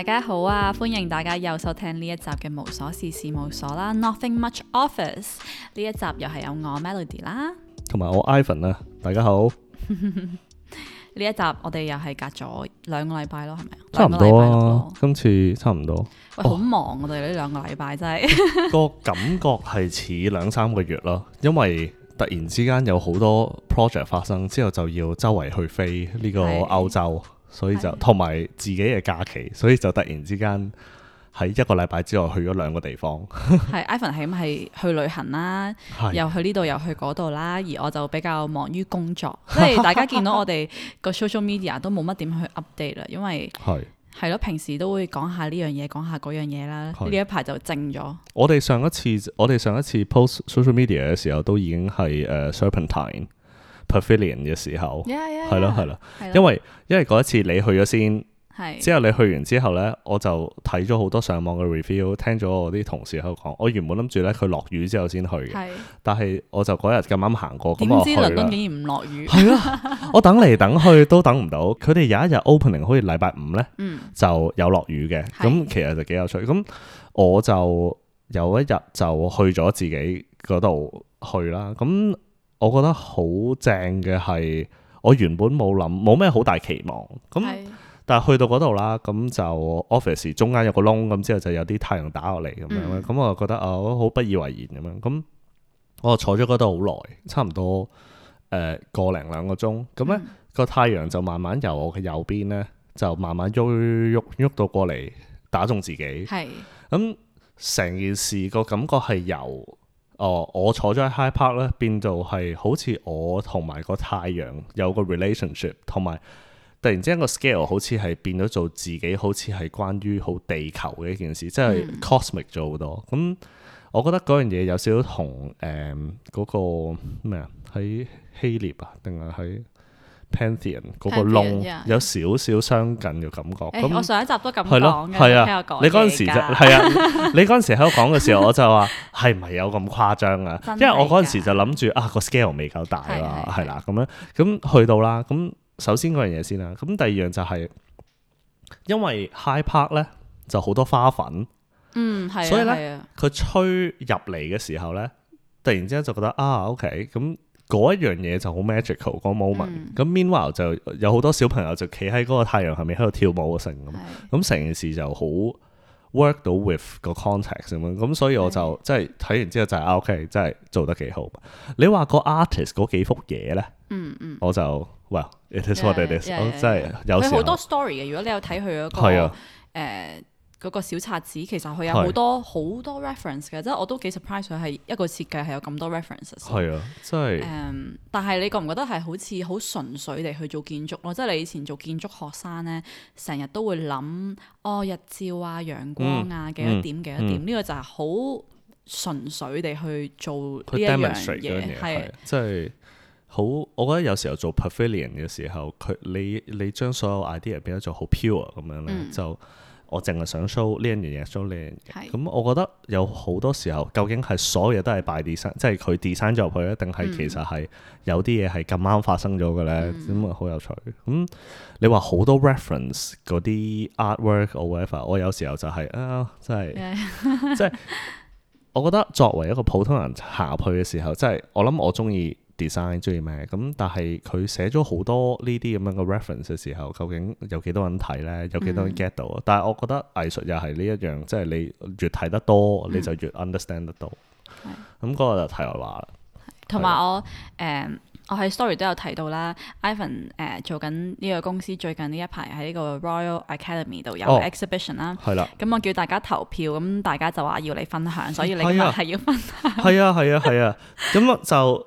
大家好啊！歡迎大家又收聽呢一集嘅無瑣事事務所啦 ，Nothing Much Office 呢一集又係有我 Melody 啦，同埋我 Ivan 啊！大家好，呢 一集我哋又係隔咗兩個禮拜咯，係咪啊？差唔多，啊，今次差唔多。喂，好忙，我哋呢兩個禮拜真係 個感覺係似兩三個月咯，因為突然之間有好多 project 發生之後就要周圍去飛呢、呢個歐洲。所以就同埋是自己嘅假期，所以就突然之間喺一個禮拜之外去咗兩個地方。係 Ivan 係咁係去旅行啦？是又去呢度又去嗰度啦。而我就比較忙於工作，即係 大家見到我哋個 social media 都冇乜點去 update 啦，因為係係咯，平時都會講下呢樣嘢，講下嗰樣嘢啦。呢是一排就靜咗。我哋上一次我哋上一次 post social media 嘅時候，都已經係誒 Serpentine。Uh, Ser Pavilion 嘅時候，係咯係咯，因為因為嗰一次你去咗先，的之後你去完之後呢，我就睇咗好多上網嘅 review，聽咗我啲同事喺度講，我原本諗住咧佢落雨之後先去嘅，的但係我就嗰日咁啱行過，點知倫敦竟然唔落雨，係 啊，我等嚟等去都等唔到，佢哋 有一日 opening 好似禮拜五呢，嗯、就有落雨嘅，咁的的其實就幾有趣，咁我就有一日就去咗自己嗰度去啦，咁。我覺得好正嘅係，我原本冇諗冇咩好大期望，咁但係去到嗰度啦，咁就 office 中間有個窿，咁之後就有啲太陽打落嚟咁樣，咁我就覺得啊，好、嗯、不以為然咁樣，咁我就坐咗嗰度好耐，差唔多誒個零兩個鐘，咁咧個太陽就慢慢由我嘅右邊咧，就慢慢喐喐喐到過嚟打中自己，係咁成件事個感覺係由。哦，我坐咗喺 High Park 咧，變到係好似我同埋個太陽有個 relationship，同埋突然之間個 scale 好似係變咗做自己，好似係關於好地球嘅一件事，即係 cosmic 咗好多。咁我覺得嗰樣嘢有少少同誒嗰個咩啊喺希臘啊定係喺。Pantheon 嗰個窿 the 有少少相近嘅感覺。誒、欸，那我上一集都咁講嘅，聽的我講。 你嗰陣時就係啊，你嗰陣時喺度講嘅時候，我就話係唔係有咁誇張啊？的的因為我嗰陣時就諗住啊，個 scale 未夠大啦，係啦，咁樣咁去到啦。咁首先嗰樣嘢先啦，咁第二樣就係、是、因為 High Park 咧就好多花粉，嗯，所以咧佢吹入嚟嘅時候咧，突然之間就覺得啊，OK，咁。啊啊啊啊啊啊嗰一樣嘢就好 magical，嗰 moment。咁 Meanwhile、嗯、就有好多小朋友就企喺嗰個太陽下面喺度跳舞成咁，咁成、嗯、件事就好 work 到 with 個 context 咁。咁所以我就、嗯、即係睇完之後就係、係啊、OK，真係做得幾好。你話個 artist 嗰幾幅嘢咧、嗯，嗯嗯，我就哇，it is what it is，、嗯嗯、真係有好多 story 嘅。如果你有睇佢嗰啊。誒呀。Uh, 嗰個小冊子其實佢有好多好的多 reference 嘅，即係我都幾 surprise 佢係一個設計係有咁多 references，係啊的，即係。誒，但係你覺唔覺得係好似好純粹地去做建築咯？即係你以前做建築學生咧，成日都會諗哦，日照啊、陽光啊，幾多點、幾、嗯嗯、多點。呢個就係好純粹地去做呢一樣嘢，係即係好。我覺得有時候做 pavilion 嘅時候，佢你你，你，你將所有 idea 變咗做好 pure 咁樣咧，就、嗯。我淨係想 show 呢樣嘢，show 呢樣嘢。咁、嗯、我覺得有好多時候，究竟係所有嘢都係 by design，即係佢 design 咗入去咧，定係其實係有啲嘢係咁啱發生咗嘅咧？咁啊好有趣。咁、嗯、你話好多 reference 嗰啲 artwork whatever，我有時候就係、是、啊，真係，即係 Yeah. 我覺得作為一個普通人行入去嘅時候，即係我諗我中意 design 中意咩咁？但係佢寫咗好多呢啲咁樣嘅 reference 嘅時候，究竟有幾多人睇呢？有幾多人 get 到啊？嗯嗯嗯嗯，但係我覺得藝術又係呢一樣，即係你越睇得多，你就越 understand 得到。咁嗰、嗯嗯、個就題外話啦。同埋我誒、啊，我喺 story 都有提到啦。Ivan 誒、啊、做緊呢個公司最近呢一排喺呢個 Royal Academy 度有 exhibition 啦。係啦。咁我叫大家投票，咁大家就話要你分享，所以你咪係要分享。係啊，係 啊，係啊。咁就。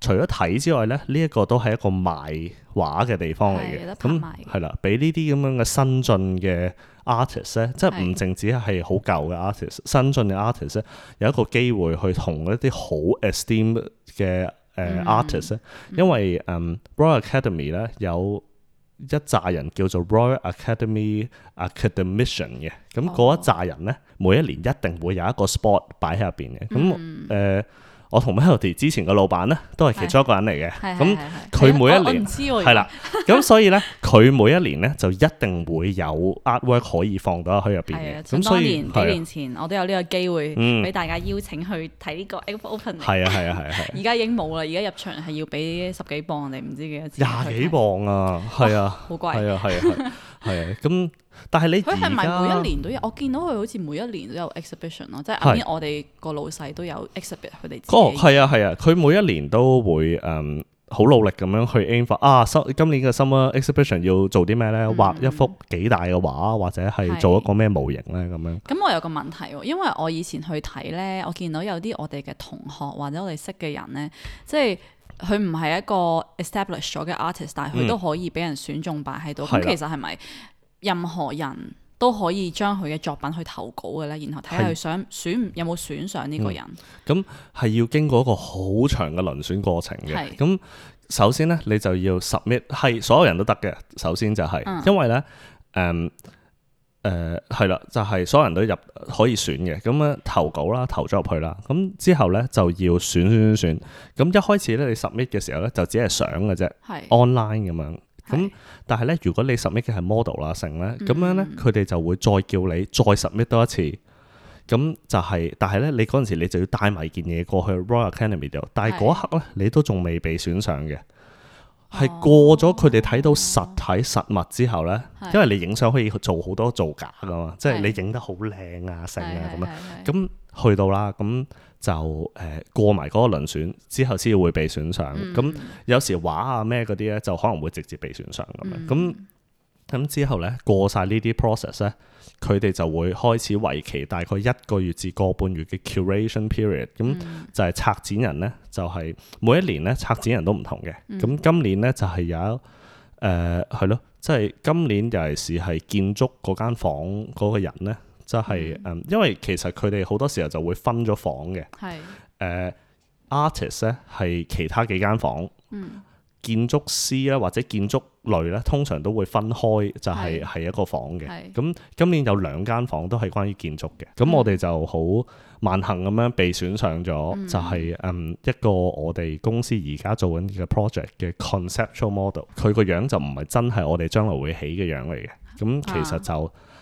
除咗睇之外咧，呢、這、一個都係一個賣畫嘅地方嚟嘅。咁係啦，俾、嗯、呢啲咁樣嘅新進嘅 artist 咧，即係唔淨止係好舊嘅 artist，新進嘅 artist 咧，有一個機會去同一啲好 esteem 嘅誒 artist 咧，嗯、因為誒、um, Royal Academy 咧有一紮人叫做 Royal Academy Academician 嘅，咁、嗯、嗰、哦、一紮人咧，每一年一定會有一個 spot 擺喺入邊嘅。咁誒。我同 Melody 之前嘅老闆咧，都係其中一個人嚟嘅。咁佢每一年係啦，咁所以咧，佢每一年咧就一定會有 artwork 可以放到去入邊嘅。咁多年幾年前，我都有呢個機會俾大家邀請去睇呢個 event opening。係啊係啊係啊！而家已經冇啦，而家入場係要俾十幾磅，你唔知幾多錢？廿幾磅啊，係啊，好貴啊，係啊，係啊，係啊，咁。但係你佢係咪每一年都有？啊、我見到佢好似每一年都有 exhibition 咯，是即係後面我哋個老細都有 exhibit 佢哋。哦係啊係啊，佢、啊、每一年都會誒好、嗯、努力咁樣去 aim 翻啊，今今年嘅 summer exhibition 要做啲咩咧？畫一幅幾大嘅畫，或者係做一個咩模型咧？咁、嗯、樣。咁我有個問題喎，因為我以前去睇咧，我見到有啲我哋嘅同學或者我哋識嘅人咧，即係佢唔係一個 establish 咗嘅 artist，但係佢都可以俾人選中擺喺度。咁、嗯、其實係咪？任何人都可以將佢嘅作品去投稿嘅咧，然後睇下佢想選有冇選上呢個人。咁係要經過一個好長嘅輪選過程嘅。咁首先咧，你就要 submit，係所有人都得嘅。首先就係，因為咧，誒誒係啦，就係所有人都入可以選嘅。咁啊，投稿啦，投咗入去啦。咁之後咧就要選選選選。咁一開始咧，你 submit 嘅時候咧，就只係想嘅啫，online 咁樣。咁，嗯、但係咧，如果你 submit 嘅係 model 啦，成咧、嗯，咁樣咧，佢哋就會再叫你再 submit 多一次。咁就係，但係咧，你嗰陣時你就要帶埋件嘢過去 Royal Academy 度，但係嗰一刻咧，你都仲未被選上嘅。係是過咗佢哋睇到實體實物之後咧，哦、因為你影相可以做好多造假㗎嘛，是即係你影得好靚啊，成啊咁樣，咁的去到啦，咁。就誒、呃、過埋嗰個輪選之後先會被選上，咁、mm hmm. 有時畫啊咩嗰啲咧就可能會直接被選上咁樣，咁咁、mm hmm. 之後咧過晒呢啲 process 咧，佢哋就會開始為期大概一個月至個半月嘅 curation period，咁就係策展人咧就係、是、每一年咧策展人都唔同嘅，咁、mm hmm. 今年咧就係、是、有誒係咯，即、呃、係、就是、今年尤其是係建築嗰間房嗰個人咧。就係、是、嗯，因為其實佢哋好多時候就會分咗房嘅。係誒，artist 咧係其他幾間房。嗯，建築師咧或者建築類咧，通常都會分開、就係，就係係一個房嘅。咁是今年有兩間房都係關於建築嘅。咁是我哋就好萬幸咁樣被選上咗，嗯、就係嗯一個我哋公司而家做緊嘅 project 嘅 conceptual model。佢個樣就唔係真係我哋將來會起嘅樣嚟嘅。咁其實就。嗯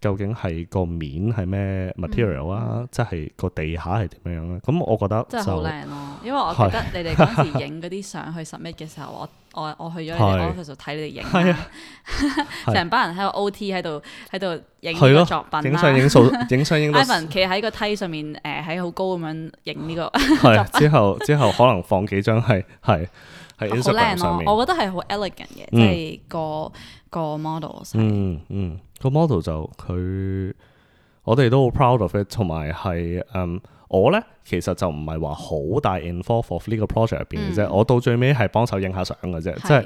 究竟係個面係咩 material 啊？嗯、即係個地下係點樣咧？咁我覺得真係好靚咯，因為我覺得是 你哋嗰時影嗰啲相去 submit 嘅時候， 我我我去咗你哋 office 度睇你哋影，係是啊，啊，成班人喺度 OT 喺度喺度影作品影相影影相影到。Ivan 企喺個梯上面，誒喺好高咁樣影呢個。之後之後可能放幾張係係係影相好靚咯，我覺得係好 elegant 嘅，即係個個 model。嗯嗯。個 model 就佢，我哋都好 proud of it，同埋係誒我咧，其實就唔係話好大 involve of 呢個 project 入邊嘅啫。嗯、我到最尾係幫手影下相嘅啫，即係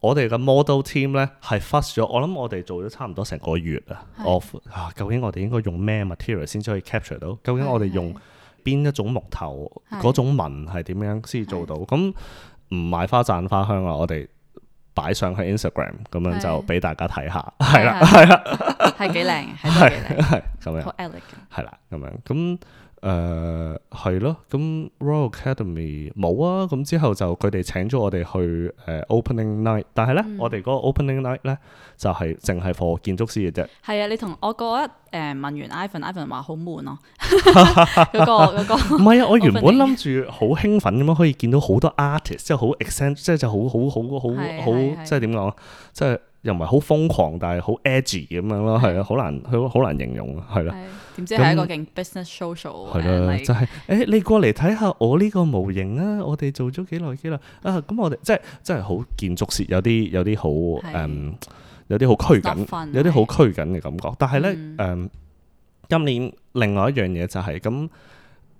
我哋嘅 model team 咧係 fuss 咗。我諗我哋做咗差唔多成個月啊。是 of 啊，究竟我哋應該用咩 material 先至可以 capture 到？究竟我哋用邊一種木頭嗰是種紋係點樣先做到？咁唔賣花讚花香啊！我哋。擺上去 Instagram 咁樣就俾大家睇下，係啦係啦，係幾靚，係幾靚，係咁樣，係啦咁樣咁。誒係咯，咁、嗯、Royal Academy 冇啊，咁之後就佢哋請咗我哋去誒、呃、Opening Night，但係咧、嗯、我哋嗰個 Opening Night 咧就係淨係畀建築師嘅啫。係啊，你同我覺得誒問完 Ivan，Ivan 話好悶咯、啊，嗰個嗰個。唔係啊，我原本諗住好興奮咁樣可以見到好多 artist，即係好 eccentric，即係就好好好好好，即係點講？即係 又唔係好瘋狂，但係好 edgy 咁樣咯，係啊，好難好好難形容啊，係啦。 是的唔知喺一個勁 business show show, s o w 的 s h o 係啦，就係誒，你過嚟睇下我呢個模型啊！我哋做咗幾耐幾啦啊！咁我哋即係真係好建築式，有啲有啲好誒，有啲好的、um, 拘謹，not fun, 有啲好拘謹嘅感覺。的但係咧，誒、嗯嗯，今年另外一樣嘢就係、是、咁，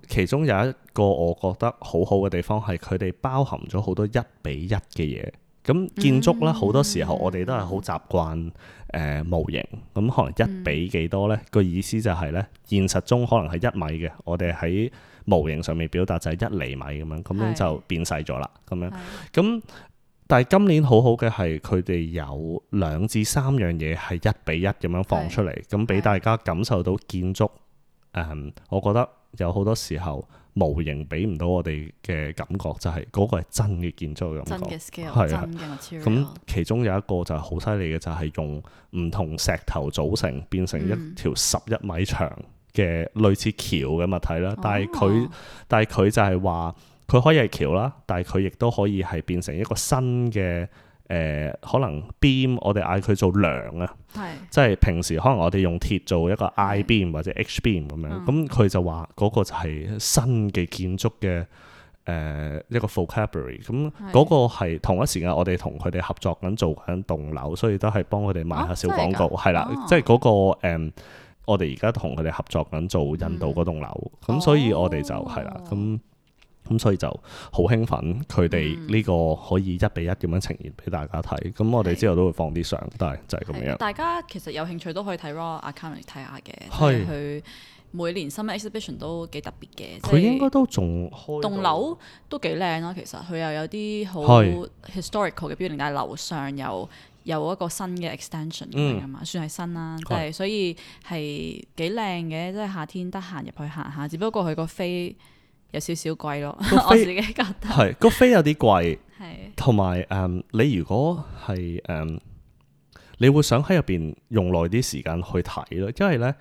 其中有一個我覺得好好嘅地方係，佢哋包含咗好多一比一嘅嘢。咁建築咧，好、嗯、多時候我哋都係好習慣。誒、呃、模型咁可能一比幾多呢？個、嗯、意思就係呢，現實中可能係一米嘅，我哋喺模型上面表達就係一厘米咁樣，咁樣就變細咗啦。咁樣咁是的，但係今年好好嘅係佢哋有兩至三樣嘢係一比一咁樣放出嚟，咁俾是的 大家感受到建築誒是的、嗯，我覺得有好多時候，模型俾唔到我哋嘅感覺，就係嗰個係真嘅建築嘅感覺係啊，咁其中有一個就係好犀利嘅，就係用唔同石頭組成變成一條十一米長嘅類似橋嘅物體啦。但係佢但係佢就係話佢可以係橋啦，但係佢亦都可以係變成一個新嘅誒、呃，可能 beam 我哋嗌佢做梁啊。是即係平時可能我哋用鐵做一個 I beam 是或者 H beam 咁樣，咁佢、嗯、就話嗰個就係新嘅建築嘅誒一個 vocabulary，咁、嗯、嗰是個係同一時間我哋同佢哋合作緊做緊棟樓，所以都係幫佢哋賣下小廣告，係、啊、啦，哦、即係嗰、那個誒、嗯，我哋而家同佢哋合作緊做印度嗰棟樓，咁、嗯、所以我哋就係、哦、啦，咁、嗯。咁所以就好興奮，佢哋呢個可以一比一點樣呈現俾大家睇。咁、嗯、我哋之後都會放啲相，的但係就係咁樣。大家其實有興趣都可以睇 Royal Academy 睇下嘅，的因佢每年新嘅、um、exhibition 都幾特別嘅。佢應該都仲開。棟樓都幾靚咯，其實佢又有啲好 historical 嘅 building，的但係樓上有有一個新嘅 extension 咁樣啊、嗯、嘛，算係新啦的，即係所以係幾靚嘅。即係夏天得閒入去行下，只不過佢個飛，有少少貴咯， 我自己覺得係、個飛有啲貴，同埋誒你如果係誒、嗯，你會想喺入邊用耐啲時間去睇咯，因為咧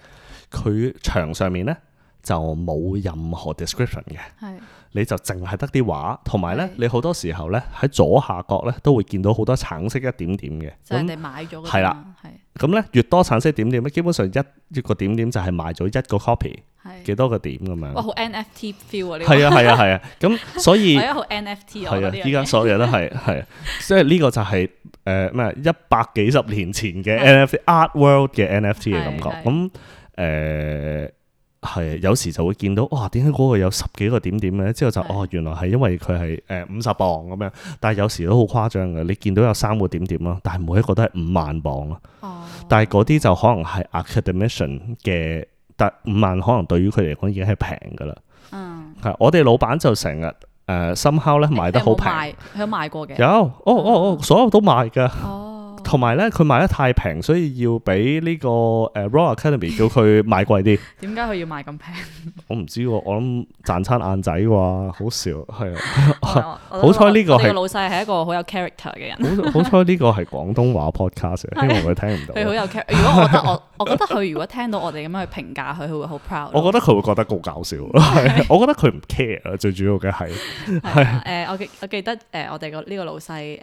佢牆上面咧就冇任何 description 嘅，係是你就淨係得啲畫，同埋咧你好多時候咧喺左下角咧都會見到好多橙色一點點嘅，就係你買咗嘅，係啦那，係咁咧越多橙色點點咧，基本上一一個點點就係買咗一個 copy。幾多個點咁樣？哇，好 NFT feel 啊！呢個係啊係啊係啊！咁、啊啊、所以好 NFT 啊！依家所有嘢都係係，即係呢個就係誒咩一百幾十年前嘅 NFT 的 art world 嘅 NFT 嘅感覺。咁誒係，有時就會見到哇，點解嗰個有十幾個點點呢？之後就的哦，原來係因為佢係誒五十磅咁樣。但係有時都好誇張嘅，你見到有三個點點咯，但係每一個都係五萬磅啊。哦、但係嗰啲就可能係 academician 嘅。但五萬可能對於佢嚟講已經係平㗎喇。嗯，係我哋老闆就成日誒深烤咧，賣得好平，佢有賣有過嘅。有哦哦哦，所有都賣㗎。哦同埋咧，佢賣得太平，所以要俾呢個誒 Royal Academy 叫佢賣貴啲。點解佢要賣咁平？我唔知喎，我諗賺餐眼仔喎，好笑係啊！好彩呢個係老細係一個好有 character 嘅人。好彩呢個係廣東話 podcast，希望佢聽唔到。佢好有 char。如果我覺得我我覺得佢如果聽到我哋咁樣去評價佢，佢會好 proud。我覺得佢會覺得好搞笑。我覺得佢唔 care 啊，最主要嘅係係誒，我記我記得誒，我哋個呢個老細誒。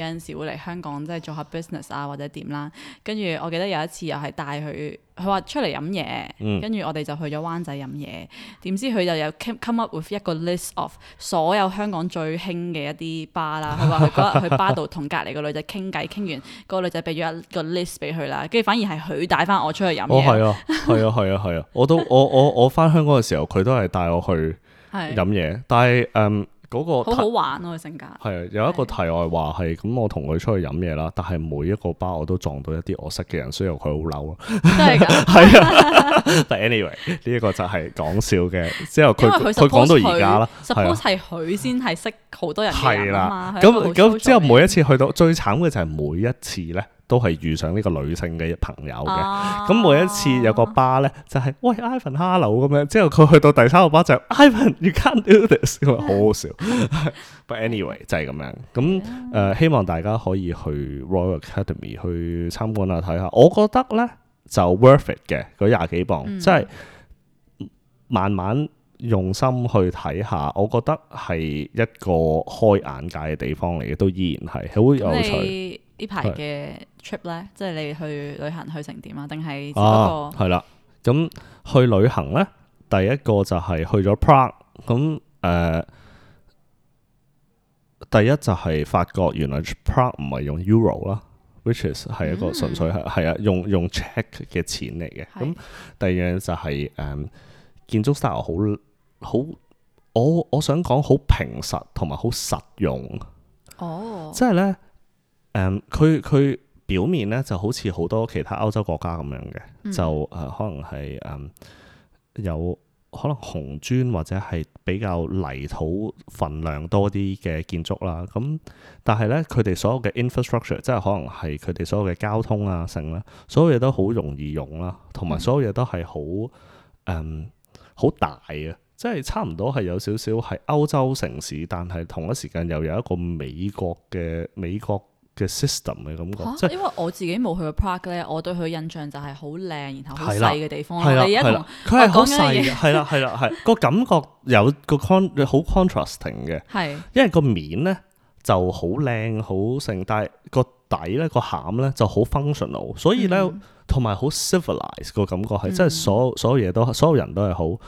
有陣時會嚟香港即係做下 business 啊或者點啦，跟住我記得有一次又係帶佢，佢話出嚟飲嘢，跟住、嗯、我哋就去咗灣仔飲嘢，點知佢就有 come up with 一個 list of 所有香港最興嘅一啲吧啦，佢話佢嗰日去吧度同隔離個女仔傾偈，傾完個女仔俾咗一個 list 俾佢啦，跟住反而係佢帶翻我出去飲嘢。哦係啊，係啊，係啊，係啊，啊啊 我都我我我翻香港嘅時候，佢都係帶我去飲嘢，是但係嗯。嗰、那個好好玩，我性格係有一個題外話係，咁我同佢出去飲嘢啦，但係每一個包我都撞到一啲我識嘅人，所以佢好嬲啊！真啊。 的 但係 anyway 呢一個就係講笑嘅，之後佢，佢講到而家啦 suppose 係佢先係識好多人嘅人，咁，咁之後每一次去到最慘嘅就係每一次咧。都係遇上呢個女性嘅朋友嘅，咁、啊、每一次有一個巴咧、就是，就係喂 Ivan hello 咁樣，之後佢去到第三個巴就是、Ivan you can do this 咁啊，好好笑。 But anyway 就係咁樣，咁誒、呃、希望大家可以去 Royal Academy 去參觀下睇下，我覺得咧就 worth it 嘅嗰廿幾磅，即係、嗯、慢慢用心去睇下，我覺得係一個開眼界嘅地方嚟嘅，都依然係好有趣。呢排嘅。trip 咧，即係你去旅行去成點啊？定係嗰個係啦。咁、嗯、去旅行咧，第一個就係去咗 Prague。咁誒，第一就係發覺原來 Prague 唔係用 Euro 啦，which is 係一個純粹係係啊，用用 Check 嘅錢嚟嘅。咁的、嗯、第二樣就係、是、誒、嗯，建築 style 好好，我我想講好平實同埋好實用。哦，即係咧，誒、嗯，佢佢。表面咧就好似好多其他歐洲國家咁樣嘅，嗯、就誒、呃、可能係誒、嗯、有可能紅磚或者係比較泥土份量多啲嘅建築啦。咁、嗯、但係咧，佢哋所有嘅 infrastructure 即係可能係佢哋所有嘅交通啊，成啦，所有嘢都好容易用啦，同埋所有嘢都係好誒好大啊，即係差唔多係有少少係歐洲城市，但係同一時間又有一個美國嘅美國，嘅 system 嘅感覺，即係因為我自己冇去過 park 咧，我對佢印象就係好靚，然後好細嘅地方咯。你一佢係好細，係啦係啦係，個感覺有個 contrasting 嘅，係因為個面咧就好靚好成，但係個底咧個餡咧就好 functional，所以咧同埋好 civilised 個感覺係，即係所所有嘢都，所有人都係好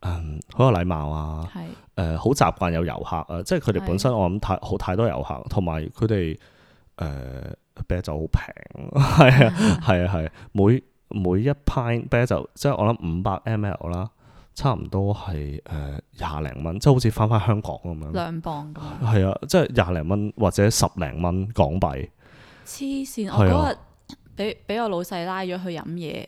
嗯好有禮貌啊，係誒好習慣有遊客啊，即係佢哋本身我諗太好太多遊客，同埋佢哋。誒、呃、啤酒好平，係 啊係 啊係、啊，每每一 pint 啤酒即係、就是、我諗五百 mL 啦，差唔多係誒廿零蚊，即、呃、係、就是、好似翻翻香港咁樣。兩磅㗎。係啊，即係廿零蚊或者十零蚊港幣。黐線！啊、我嗰日俾俾我老細拉咗去飲嘢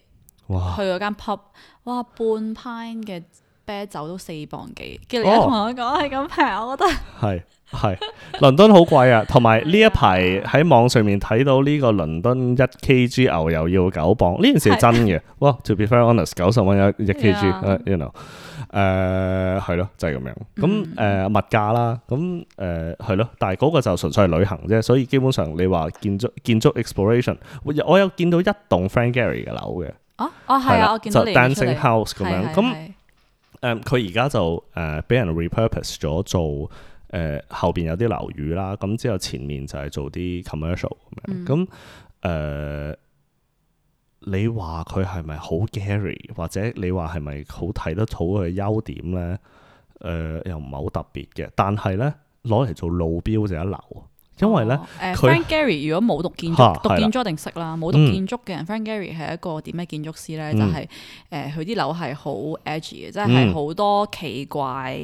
哇，哇！去嗰間 pub，哇，半 pint 嘅。啤酒都四磅幾，你跟住嚟，同我講係咁平，我覺得係係倫敦好貴啊，同埋呢一排喺網上面睇到呢個倫敦一 K G 牛油要九磅，呢件事係真嘅。是哇 ，to be fair honest 九十蚊一一 K G，你 Yeah.、uh, you know，誒係咯，就係、是、咁樣。咁誒、呃、物價啦，咁誒係咯，但係嗰個就純粹係旅行啫。所以基本上你話建築建築 exploration，我有見到一棟 Frank Gehry 嘅樓嘅，啊啊係啦，哦、的我見到就 dancing house 咁樣咁。的誒佢而家就誒俾、呃、人 repurpose 咗做誒、呃、後邊有啲樓宇啦，咁之後前面就係做啲 commercial 咁、嗯、樣。咁、呃、誒，你話佢係咪好 Gary，或者你話係咪好睇得到佢嘅優點咧？誒、呃、又唔係好特別嘅，但係咧攞嚟做路標就一流。因為咧，誒 Frank Gehry 如果冇讀建築，讀建築一定識啦。冇讀建築嘅人，Frank Gehry 係一個點嘅建築師咧，就係誒佢啲樓係好 edgy 嘅，即係好多奇怪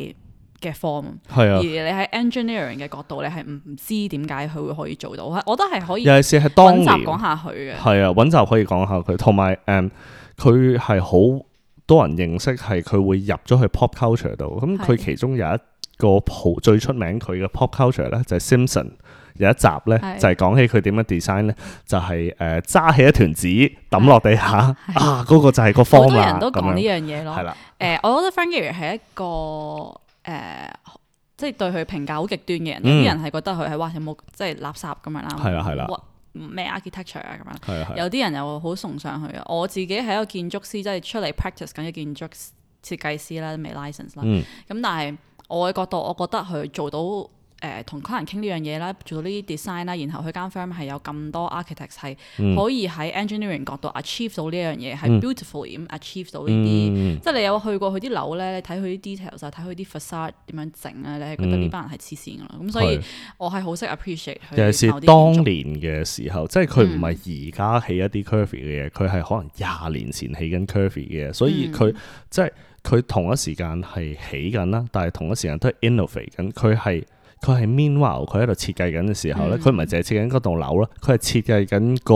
嘅 form。係啊，而你喺 engineering 嘅角度，你係唔知點解佢會可以做到。我我覺得係可以。尤其是係當集講下佢嘅，係啊，穩集可以講下佢。同埋誒，佢係好多人認識，係佢會入咗去 pop culture 度。咁佢其中有一個最出名佢嘅 pop culture 咧，就係 Simpson。有一集咧是的 就係講起佢點樣 design 咧，就係誒揸起一團紙抌落地下，是的 啊嗰、那個就係個方法。好多人都講呢樣嘢咯。係啦的，誒、呃，我覺得 Frank Gehry 係一個誒，即、呃、係、就是、對佢評價好極端嘅人。有啲、嗯、人係覺得佢係哇有冇即係垃圾咁樣啦。係啦係啦，咩 architecture 啊咁樣。樣有啲人又好崇尚佢。啊。我自己係一個建築師，即、就、係、是、出嚟 practice 緊嘅建築設計師啦，未 license 啦。嗯。咁但係我嘅角度，我覺得佢做到。誒同可能傾呢樣嘢啦，做到呢啲 design 啦，然後佢間 firm 係有咁多 architect 係可以喺 engineering 角度 achieve 到呢一樣嘢，係、嗯、beautifully 咁 achieve 到呢啲，嗯、即係你有去過佢啲樓咧，你睇佢啲 detail 就睇佢啲 facade 點樣整咧，你係覺得呢班人係黐線㗎喇。咁、嗯嗯、所以我係好識 appreciate 佢是。他尤其是當年嘅時候，即係佢唔係而家起一啲 curvy 嘅嘢，佢係、嗯、可能廿年前起緊 curvy 嘅，嗯、所以佢、嗯、即係佢同一時間係起緊啦，但係同一時間都係 innovate 緊，佢係。佢係 meanwhile 佢喺度設計緊嘅時候咧，佢唔係淨係設計緊嗰棟樓咯，佢係設計緊個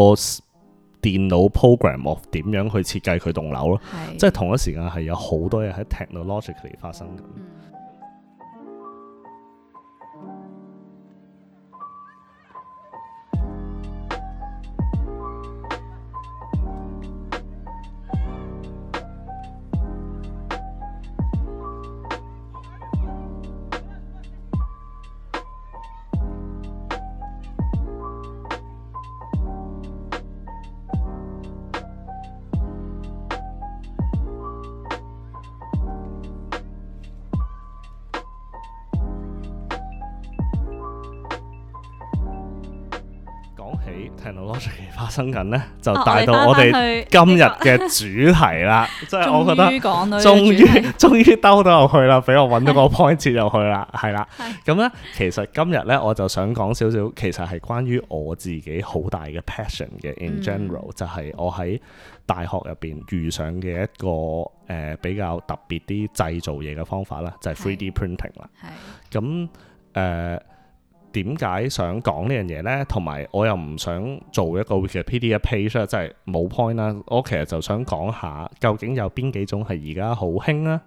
電腦 program of 點樣去設計佢棟樓咯，是即係同一時間係有好多嘢喺 technologically 嚟發生嘅。嗯生緊咧，就、啊、帶到我哋今日嘅主題啦。啊這個、即係我覺得，終於終於兜到入去 啦，俾我揾到個 point 切入去啦。係啦、嗯，咁、嗯、咧，其實今日咧，我就想講少少，其實係關於我自己好大嘅 passion 嘅。In general，、嗯、就係我喺大學入邊遇上嘅一個誒、呃、比較特別啲製造嘢嘅方法啦，就係、是、3D printing 啦。咁誒。點解想講呢樣嘢呢？同埋我又唔想做一個 Wikipedia page，即係冇 point 啦。我其實就想講下，究竟有邊幾種係而家好興啦，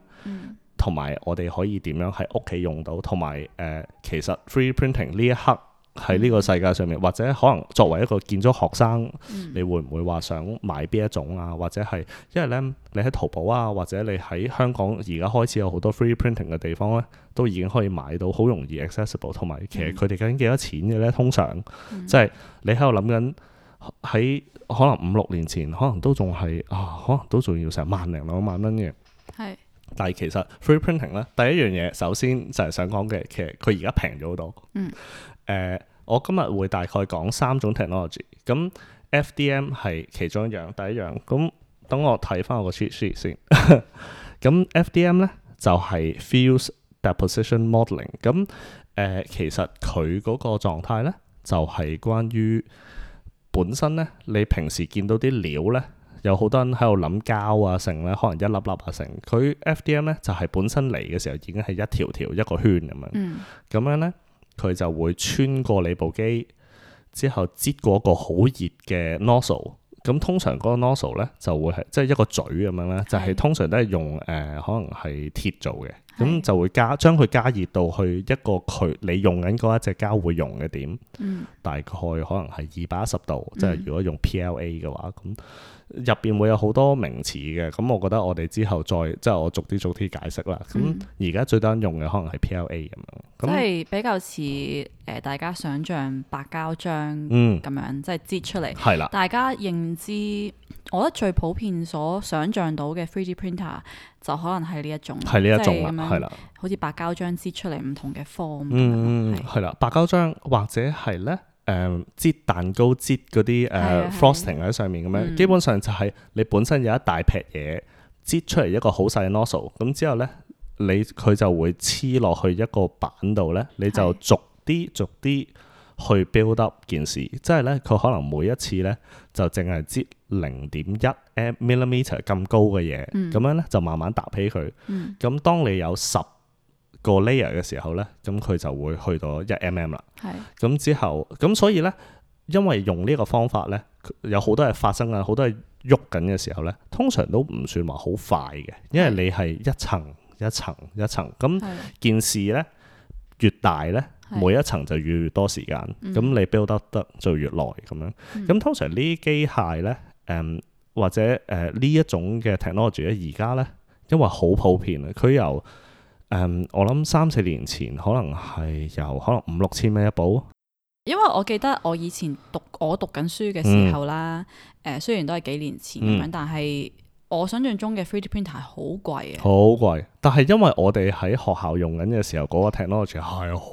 同埋、嗯、我哋可以點樣喺屋企用到，同埋誒其實 3D printing 呢一刻。喺呢個世界上面，或者可能作為一個建築學生，你會唔會話想買邊一種啊？或者係因為咧，你喺淘寶啊，或者你喺香港而家開始有好多 3D printing 嘅地方咧，都已經可以買到好容易 accessible，同埋其實佢哋究竟幾多錢嘅咧？通常即係、嗯、你喺度諗緊喺可能五六年前，可能都仲係啊，可能都仲要成萬零兩萬蚊嘅。係是，但係其實 3D printing 咧，第一樣嘢首先就係想講嘅，其實佢而家平咗好多。嗯。誒、呃，我今日會大概講三種 technology，咁 FDM 係其中一樣，第一樣。咁等我睇翻我個 cheat sheet 先。咁 FDM 咧就係、是、fused deposition modeling。咁、呃、誒，其實佢嗰個狀態咧，就係、是、關於本身咧，你平時見到啲料咧，有好多人喺度諗膠啊，成咧，可能一粒粒啊，成。佢 FDM 咧就係、是、本身嚟嘅時候已經係一條條一個圈咁樣。咁樣咧。嗯佢就會穿過你部機之後擠過一個，接嗰個好熱嘅 nozzle。咁通常嗰個 nozzle 咧就會係即係一個嘴咁樣咧，就係、是、通常都係用誒、呃、可能係鐵做嘅。咁的就會加將佢加熱到去一個佢你用緊嗰一隻膠會用嘅點，嗯、大概可能係二百一十度。嗯、即係如果用 PLA 嘅話，咁、嗯。入邊會有好多名詞嘅，咁我覺得我哋之後再即係、就是、我逐啲逐啲解釋啦。咁而家最多用嘅可能係 PLA 咁樣，即係比較似誒、呃、大家想像白膠漿嗯、咁樣，即係、嗯、擠出嚟。係啦，大家認知我覺得最普遍所想像到嘅 3D printer 就可能係呢一種，係呢一種啦，係啦，啦好似白膠漿擠出嚟唔同嘅 form。嗯，係是啦，白膠漿或者係咧。誒擠、嗯、蛋糕擠嗰啲誒 frosting 喺上面咁樣，的基本上就係你本身有一大劈嘢擠出嚟，一個好細嘅 nozzle，咁之後咧，你佢就會黐落去一個板度咧，你就逐啲的逐啲去 build up 件事，即係咧佢可能每一次咧就淨係擠零點一誒 millimeter 咁高嘅嘢，咁的樣咧就慢慢搭起佢。咁當你有十個 layer 嘅時候咧，咁佢就會去到一 mm 啦。係。咁之後，咁所以咧，因為用呢個方法咧，有好多嘢發生啊，好多嘢喐緊嘅時候咧，通常都唔算話好快嘅，因為你係一層一層一層咁件事咧，越大咧，每一層就越，越多時間，咁係你 build 得得就越耐咁樣。咁、嗯、通常呢啲機械咧，誒、嗯、或者誒呢、呃、一種嘅 technology 而家咧，因為好普遍啊，佢由誒，um，我諗三四年前可能係由可能五六千蚊一部，啊，因為我記得我以前讀我讀緊書嘅時候啦，誒、嗯呃，雖然都係幾年前咁樣，嗯、但係我想象中嘅 3D printer 係好貴啊。好貴。但係因為我哋喺學校用緊嘅時候嗰、那個 technology 係好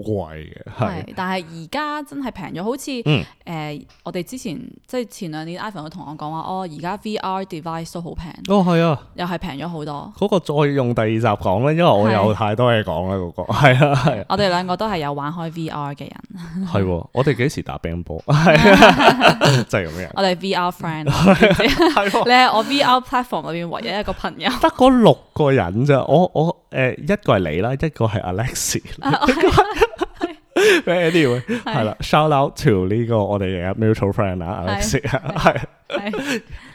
貴嘅，係。 但係而家真係平咗，好似誒、嗯呃、我哋之前即係前兩年 iPhone 都同我講話，哦而家 VR device 都好平。哦係啊，又係平咗好多。嗰個再用第二集講咧，因為我有太多嘢講啦，嗰個係啊係。啊啊 我哋兩個都係有玩開 VR 嘅人。係喎、啊，我哋幾時打乒乓波？係啊，就係咁樣。我哋 VR friend 係喎，你係我 VR platform 裏邊唯一一個朋友。得嗰 六個人。 我我誒一個係你啦，一個係 Alex，Anyway 係啦，Shout out to 呢個我哋嘅 mutual friend 啊，Alex 啊，係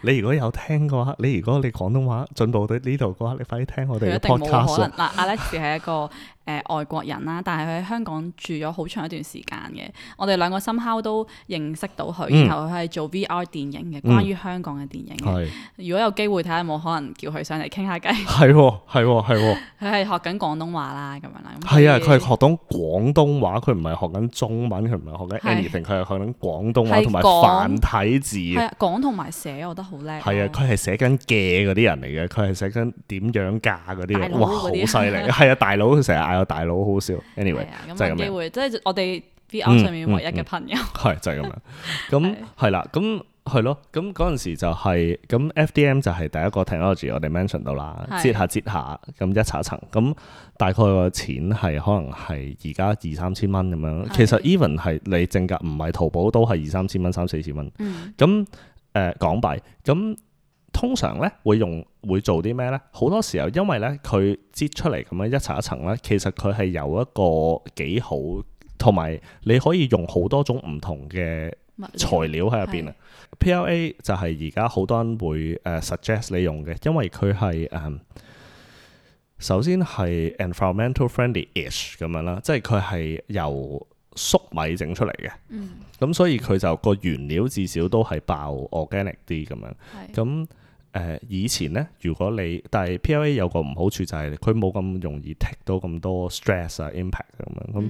你如果有聽嘅話，你如果你廣東話進步到呢度嘅話，你快啲聽我哋嘅 podcast。Alex 係一個。 誒外國人啦，但係佢喺香港住咗好長一段時間嘅。我哋兩個 somehow 都認識到佢，然後佢係做 VR 電影嘅，關於香港嘅電影。如果有機會睇下，冇可能叫佢上嚟傾下偈。係喎，係喎，係喎。佢係學緊廣東話啦，咁樣啦。係啊，佢係學緊廣東話，佢唔係學緊中文，佢唔係學緊 anything，佢係學緊廣東話同埋繁體字。係啊，講同埋寫，我覺得好叻。係啊，佢係寫緊嘅嗰啲人嚟嘅，佢係寫緊點樣嫁嗰啲人。哇，好犀利！係啊，大佬佢成日有大佬好笑，anyway、嗯、就係咁樣，機會即係我哋 V 凹上面唯一嘅朋友，係、嗯嗯、 就係、是、咁樣，咁係啦，咁係咯，咁嗰陣時就係、是、咁 FDM 就係第一個 technology 我哋 mention 到啦，折的下折下咁一層一層，咁大概個錢係可能係而家二三千蚊咁樣，的其實 even 係你正價唔係淘寶都係二三千蚊三四千蚊，咁誒港幣咁。通常咧會用會做啲咩咧？好多時候因為咧佢擠出嚟咁樣一層一層咧，其實佢係有一個幾好，同埋你可以用好多種唔同嘅材料喺入邊啊。PLA 就係而家好多人會誒、呃、suggest 你用嘅，因為佢係誒首先係 environmental friendly ish 咁樣啦，即係佢係由粟米整出嚟嘅，咁、嗯、所以佢就個原料至少都係爆 organic 啲咁樣，咁是。誒、呃、以前咧，如果你但係 PLA 有個唔好處就係佢冇咁容易 take 到咁多 stress 啊 impact 咁樣，咁、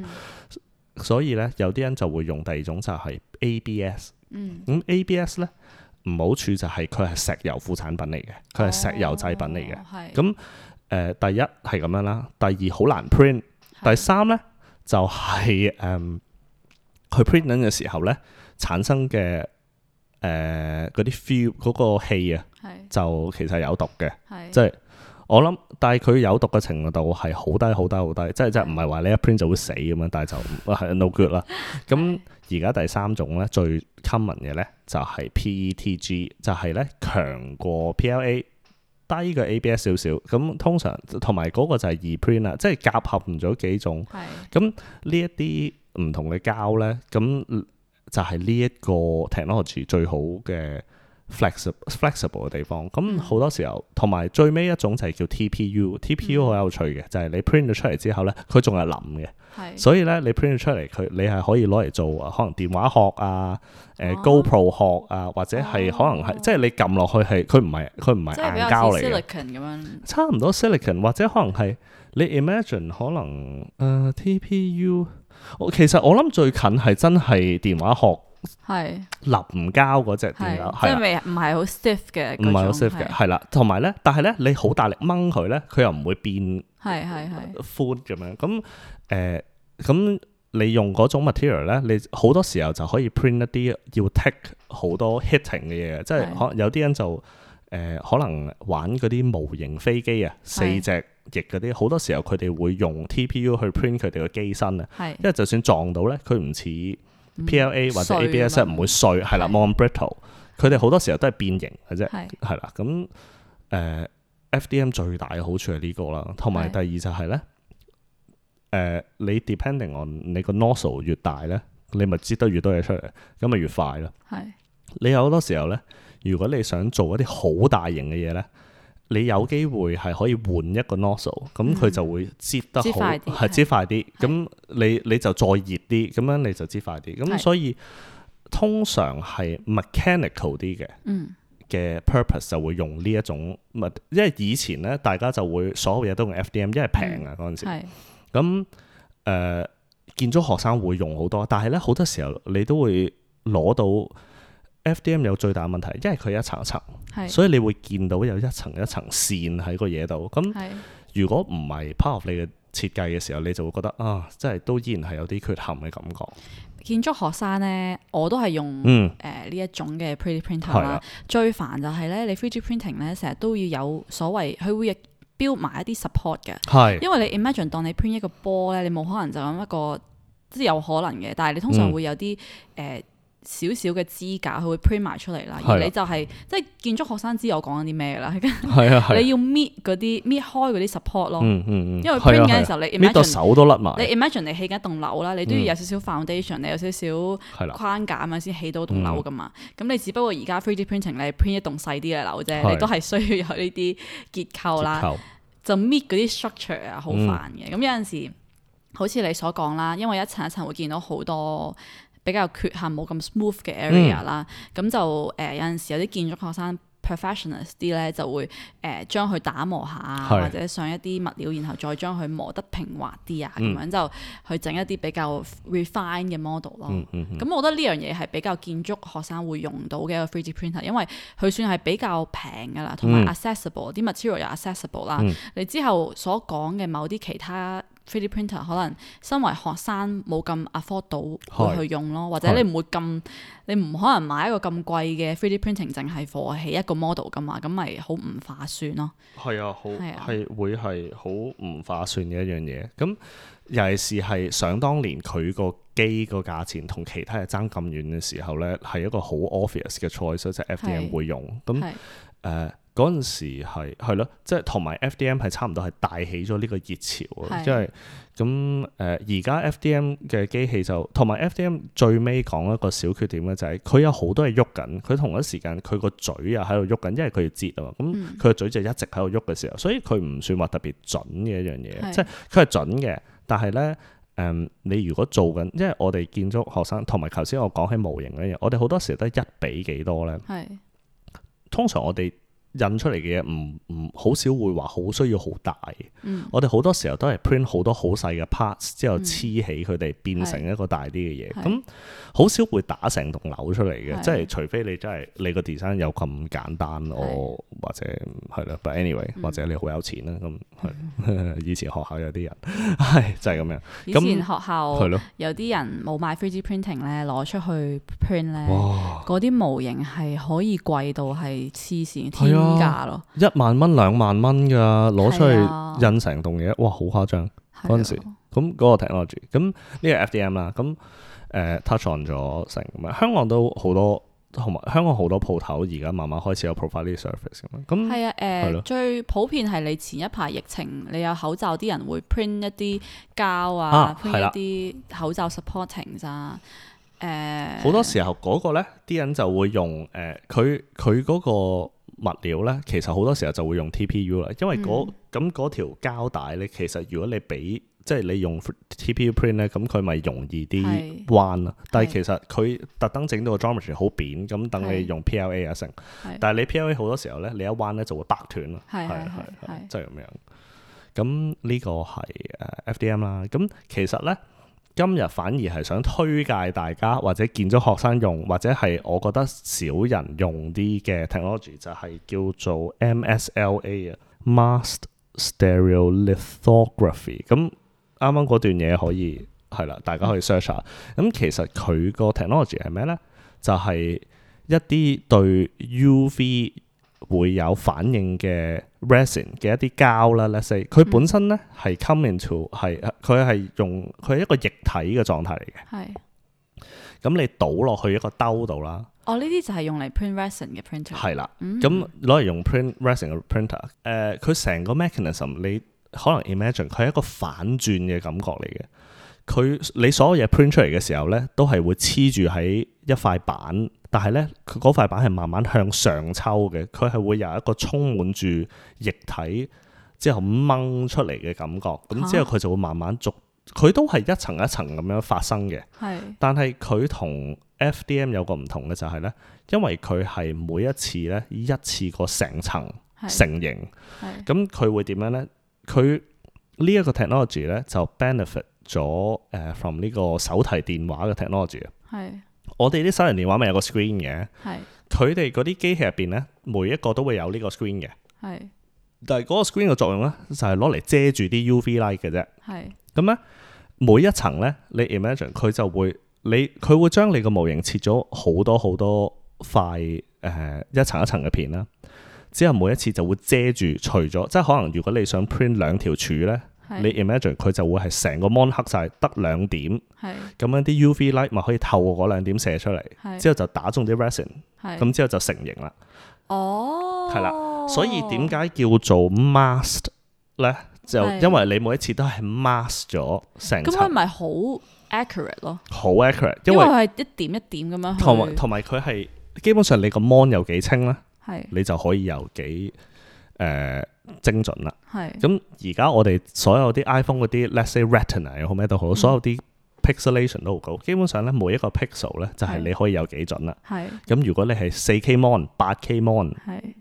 嗯、所以咧有啲人就會用第二種就係 A.B.S。嗯，咁、嗯、A.B.S 咧唔好處就係佢係石油副產品嚟嘅，佢係石油製品嚟嘅。哦，咁誒、呃，第一係咁樣啦，第二好難 print，第三咧就係、是、誒，佢、嗯、print 緊嘅時候咧產生嘅。誒，嗰啲、呃、feel 嗰個氣啊，是就其實有毒嘅，即係是、就是、我諗，但係佢有毒嘅程度係好低，低，低、好低是、好低，即係即係唔係話你一 print 就會死咁樣， 但係就唔係 no good 啦。咁而家第三種咧最 common 嘅咧就係 PETG，就係咧強過 PLA，低過 ABS 少少。咁通常同埋嗰個就係二、e、print 啦，即係夾合唔咗幾種。咁呢一啲唔同嘅膠咧，咁。嗯就係呢一個 technology 最好嘅 flexible、flexible 嘅地方。咁好多時候，同埋最尾一種就係叫 TPU，嗯。TPU 好有趣嘅，就係、是、你 print 咗出嚟之後咧，佢仲係腍嘅。係是，所以咧你 print 咗出嚟，佢你係可以攞嚟做啊，可能電話殼啊、誒、呃啊、GoPro 殼啊，或者係可能係，即係、啊、你撳落去係佢唔係佢唔係硬膠嚟嘅。咁樣差唔多 silicon 或者可能係你 imagine 可能誒 TPU。呃其實我諗最近係真係電話殼，係淋膠嗰隻電話，即係因為唔係好 stiff 嘅，唔係好 stiff 嘅，係啦。同埋咧，但係咧，你好大力掹佢咧，佢又唔會變，係係係寬咁樣。咁誒，咁、嗯呃嗯、你用嗰種 material 咧，你好多時候就可以 print 一啲要 take 好多 hitting 嘅嘢，是即係可能有啲人就誒、呃、可能玩嗰啲模型飛機啊，四隻。液啲好多時候佢哋會用 TPU 去 print 佢哋個機身啊，是因為就算撞到咧，佢唔似 PLA 或者 ABS 唔碎會碎，係啦是，冇咁 brittle。佢哋好多時候都係變形嘅啫，係啦是。咁誒 FDM 最大嘅好處係呢、這個啦，同埋第二就係、是、咧，誒是、呃、你 depending on 你個 nozzle 越大咧，你咪擠得越多嘢出嚟，咁咪越快咯。係是你有好多時候咧，如果你想做一啲好大型嘅嘢咧。你有機會係可以換一個 nozzle，咁佢、嗯、就會擠得好係擠快啲。咁是你你就再熱啲，咁樣你就擠快啲。咁所以是通常係 mechanical 啲嘅嘅、嗯、purpose 就會用呢一種物，因為以前咧大家就會所有嘢都用 FDM，因為平啊嗰陣時。係、嗯。咁誒、呃，建築學生會用好多，但係咧好多時候你都會攞到。FDM 有最大問題，因為佢一層一層，是的 所以你會見到有一層一層線喺個嘢度。咁如果唔係 part of 你嘅設計嘅時候，你就會覺得啊，真係都依然係有啲缺陷嘅感覺。建築學生呢，我都係用呢、嗯呃、一種嘅 3D printer 啦。是的 最煩就係、是、呢，你 3D printing 呢，成日都要有所謂，佢會標埋一啲 support 嘅，是的 因為你 imagine 當你 print 一個波呢，你冇可能就咁一個，即、就、係、是、有可能嘅，但係你通常會有啲誒。嗯呃少少嘅支架佢會 print 埋出嚟啦，而你就係即係建築學生知我講緊啲咩啦。係啊，你要搣嗰啲搣開嗰啲 support 咯，因為 print 緊嘅時候你搣到手都甩埋。你 imagine 你起緊棟樓啦，你都要有少少 foundation，你有少少框架啊先起到棟樓噶嘛。咁你只不過而家 3D printing 你 print 一棟細啲嘅樓啫，你都係需要有呢啲結構啦。就搣嗰啲 structure 啊，好煩嘅。咁有陣時，好似你所講啦，因為一層一層會見到好多。比較缺陷冇咁 smooth 嘅 area 啦、嗯，咁就誒、呃、有陣時有啲建築學生 professional 啲咧，嗯、就會誒、呃、將佢打磨下，是或者上一啲物料，然後再將佢磨得平滑啲啊，咁、嗯、樣就去整一啲比較 refine 嘅 model 咯。咁、嗯嗯嗯、我覺得呢樣嘢係比較建築學生會用到嘅一個 3D printer，因為佢算係比較平㗎啦，同埋 ac、嗯、accessible 啲 material 又 accessible 啦。你之後所講嘅某啲其他。3D printer 可能身為學生冇咁 afford 到去用咯，是或者你唔會咁，是你唔可能買一個咁貴嘅 3D printing 淨係貨起一個 model 噶嘛，咁咪好唔划算咯。係啊，好，啊，係會係好唔划算嘅一樣嘢。咁、嗯、尤其是係想當年佢個機個價錢同其他人爭咁遠嘅時候咧，係一個好 obvious 嘅 choice，即係 FDM 會用。咁誒。嗰陣時係係咯，即係同埋 FDM 係差唔多，係帶起咗呢個熱潮啊。即係咁誒，而家 FDM 嘅機器就同埋 FDM 最尾講一個小缺點咧，就係，就係佢有好多嘢喐緊，佢同一時間佢個嘴啊喺度喐緊，因為佢要折啊嘛。咁佢個嘴就一直喺度喐嘅時候，所以佢唔算話特別準嘅一樣嘢。是即係佢係準嘅，但係咧誒，你如果做緊，因為我哋建築學生同埋頭先我講起模型一啲我哋好多時候都係一比幾多咧。係是通常我哋。印出嚟嘅嘢唔唔好少會話好需要好大，我哋好多時候都係 print 好多好細嘅 parts 之後，黐起佢哋變成一個大啲嘅嘢，咁好少會打成棟樓出嚟嘅，即係除非你真係你個 design 有咁簡單咯，或者係咯，But anyway 或者你好有錢啦，咁係以前學校有啲人係就係咁樣。以前學校有啲人冇買 three D printing 咧，攞出去 print 咧，嗰啲模型係可以貴到係黐線。價咯、哦，一萬蚊兩萬蚊噶，攞出去印成棟嘢，哇，好誇張！嗰陣的時，咁嗰個 technology，咁呢個 FDM 啦，咁誒 touch on 咗成，香港都好多，同埋香港好多鋪頭而家慢慢開始有 profiling service 咁樣，咁係啊，誒了，最普遍係你前一排疫情，你有口罩，啲人會 print 一啲膠啊，啊，print 一啲口罩 supporting 咋、啊，誒的，好、呃、多時候嗰個咧，啲人就會用誒，佢佢嗰個。物料咧，其實好多時候就會用 TPU 啦，因為嗰咁嗰條膠帶咧，其實如果你俾即係你用 TPU print 咧，咁佢咪容易啲彎啦。但係其實佢特登整到個 geometry 好扁，咁等你用 PLA 啊成。但係你 PLA 好多時候咧，你一彎咧就會折斷啦，係係係，即係咁樣。咁呢個係誒 FDM 啦。咁其實咧。今日反而係想推介大家，或者見咗學生用，或者係我覺得少人用啲嘅 technology 就係叫做 MSLA 啊，Mast Stereolithography。咁啱啱嗰段嘢可以係啦，大家可以 search 下。咁其實佢個 technology 係咩咧？就係一啲對 UV 會有反應嘅。resin 嘅一啲膠啦，let's say 佢本身咧係 come into 係、嗯，佢係用佢係一個液體嘅狀態嚟嘅。係是，咁你倒落去一個兜度啦。哦，呢啲就係用嚟 print resin 嘅 printer。係啦了，咁攞嚟用 print resin 嘅 printer。誒、呃，佢成個 mechanism 你可能 imagine，佢係一個反轉嘅感覺嚟嘅。佢你所有嘢 print 出嚟嘅時候咧，都係會黐住喺一塊板。但係咧，佢嗰塊板係慢慢向上抽嘅，佢係會有一個充滿住液體之後掹出嚟嘅感覺。咁、啊、之後佢就會慢慢逐，佢都係一層一層咁樣發生嘅。係是。但係佢同 FDM 有個唔同嘅就係咧，因為佢係每一次咧一次過成層成型。係。咁佢會點樣咧？佢呢一個 technology 咧就 benefit 咗誒 from 呢個手提電話嘅 technology。係。我哋啲手提電話咪有個 screen 嘅，佢哋嗰啲機器入邊咧，每一個都會有呢個 screen 嘅。係是，但係嗰個 screen 嘅作用咧，就係攞嚟遮住啲 UV light 嘅啫。係是，咁咧每一層咧，你 imagine 佢就會，你佢會將你個模型切咗好多好多塊，誒、呃、一層一層嘅片啦。之後每一次就會遮住，除咗即係可能如果你想 print 兩條柱咧。你 imagine 佢就會係成個 mon 黑晒，得兩點，咁是樣啲 UV light 咪可以透過嗰兩點射出嚟，是之後就打中啲 resin，咁之後就成型啦。哦、oh，係啦，所以點解叫做 mask 咧是？就因為你每一次都係 mask 咗成層，咁咪好 accurate 咯，好 accurate，因為係一點一點咁樣。同埋同埋佢係基本上你個 mon 有幾清咧，是你就可以有幾誒。呃精準啦，係咁而家我哋所有啲 iPhone 嗰啲 ，let's say Retina 又好咩都好，所有啲 pixelation 都好高，基本上咧每一個 pixel 咧就係你可以有幾準啦，係咁是如果你係四 K Mon 八 K Mon，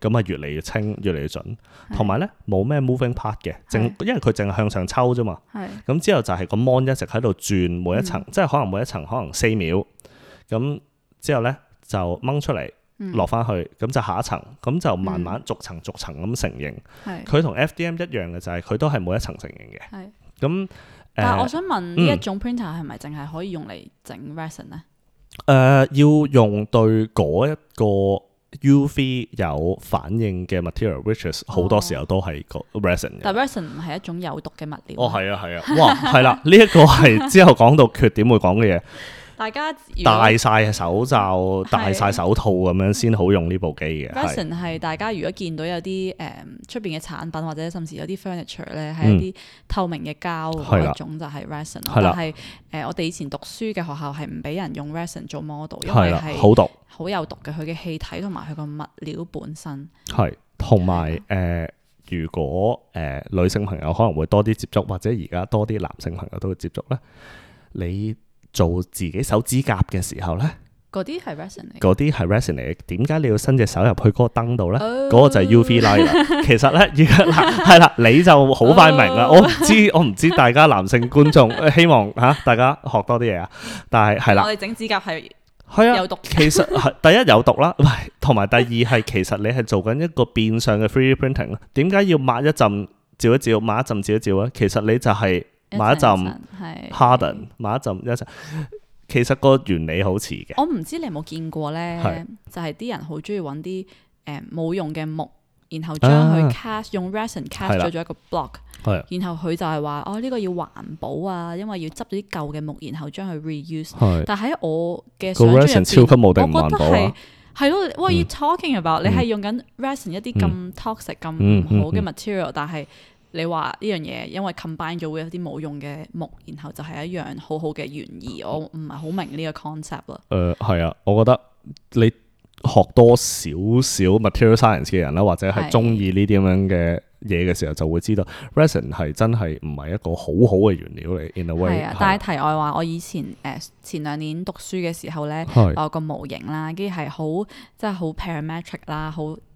咁啊越嚟越清越嚟越準，同埋咧冇咩 moving part 嘅，正因為佢淨係向上抽啫嘛，係咁是之後就係個 Mon 一直喺度轉每一層，即係是可能每一層可能四秒，咁之後咧就掹出嚟。嗯、落翻去，咁就下一層，咁就慢慢逐層逐層咁成型。佢同 FDM 一樣嘅就係、是、佢都係每一層成型嘅。咁是，那但我想問呢、呃、一種 printer 係咪淨係可以用嚟整 resin 呢？誒、呃，要用對嗰一個 UV 有反應嘅 material，which is 好多時候都係個 resin 嘅。但 resin 唔係一種有毒嘅物料。哦，係啊，係啊,啊，哇，係啦、啊，呢一個係之後講到缺點會講嘅嘢。大家戴晒手罩、戴晒手套咁樣先好用呢部機嘅。Resin 係大家如果見到有啲誒出邊嘅產品或者甚至有啲 furniture 咧係一啲透明嘅膠嗰種就係 resin，但係誒、呃、我哋以前讀書嘅學校係唔俾人用 resin 做 model，因為好毒、好有毒嘅佢嘅氣體同埋佢個物料本身。係同埋誒，如果誒、呃、女性朋友可能會多啲接觸，或者而家多啲男性朋友都會接觸咧，你。做自己手指甲嘅時候呢，嗰啲係 resin，嗰啲係點解你要伸隻手入去嗰個燈度呢？嗰、oh, 個就係 UV light。其實呢，而家係啦，你就好快明啦、oh,。我知，我唔知大家男性觀眾希望吓、啊，大家學多啲嘢啊。但係係啦，我哋整指甲係係啊有毒。其實係第一有毒啦，唔同埋第二係其實你係做緊一個變相嘅 3D printing 咯。點解要抹一浸照一照，抹一浸照一照啊？其實你就係、是。買一浸，係，Harden，買一浸一浸，其實個原理好似嘅。我唔知你有冇見過咧，就係啲人好中意搵啲誒冇用嘅木，然後將佢 cast 用 resin cast 咗咗一個 block，然後佢就係話哦呢個要環保啊，因為要執啲舊嘅木，然後將佢 reuse。但喺我嘅，個 resin 超級無敵環保啊。係咯，喂，你 talking about，你係用緊 resin 一啲咁 toxic 咁唔好嘅 material，但係。你話呢樣嘢，因為 combine 咗會有啲冇用嘅木，然後就係一樣好好嘅原意，我唔係好明呢個 concept 啦。誒係、呃、啊，我覺得你學多少少 material science 嘅人啦，或者係中意呢啲咁樣嘅嘢嘅時候，啊、就會知道 resin 係真係唔係一個好好嘅原料嚟。In a way，啊啊、但係題外話，我以前誒、呃、前兩年讀書嘅時候咧，啊、我有個模型啦，跟住係好即係好 parametric 啦，好。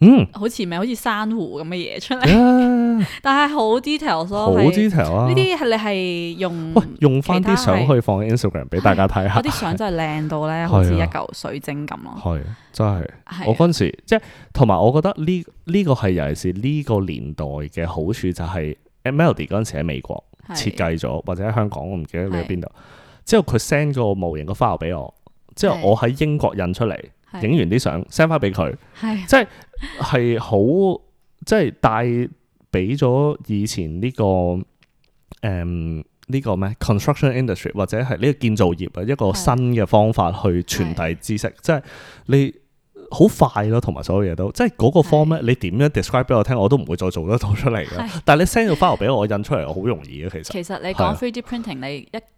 嗯，好似咪好似珊瑚咁嘅嘢出嚟，yeah, 但係好 detail，好 detail 啊！呢啲係你係用，用翻啲相去放 Instagram 俾大家睇下，啲相真係靚到咧，好似一嚿水晶咁咯，係真係。我嗰陣時即係，同埋的我覺得呢呢個係尤其是呢個年代嘅好處，就係 Melody 嗰陣時喺美國設計咗，的或者喺香港，我唔記得你喺邊度。的之後佢 send 個模型個 file 俾我，之後我喺英國印出嚟。的影完啲相 send 翻俾佢，即係係好，即係帶俾咗以前呢、呢個誒呢、嗯呢個咩 construction industry 或者係呢個建造業啊一個新嘅方法去傳遞知識，是的 即係你好快咯、啊，同埋所有嘢都，即係嗰個 form 咧，是的 你點樣 describe 俾我聽，我都唔會再做得到出嚟嘅。是的 但係你 send 個 file 俾我，印出嚟我好容易嘅。其實、啊、其實你講 three D printing，< 是的 S 2> 你一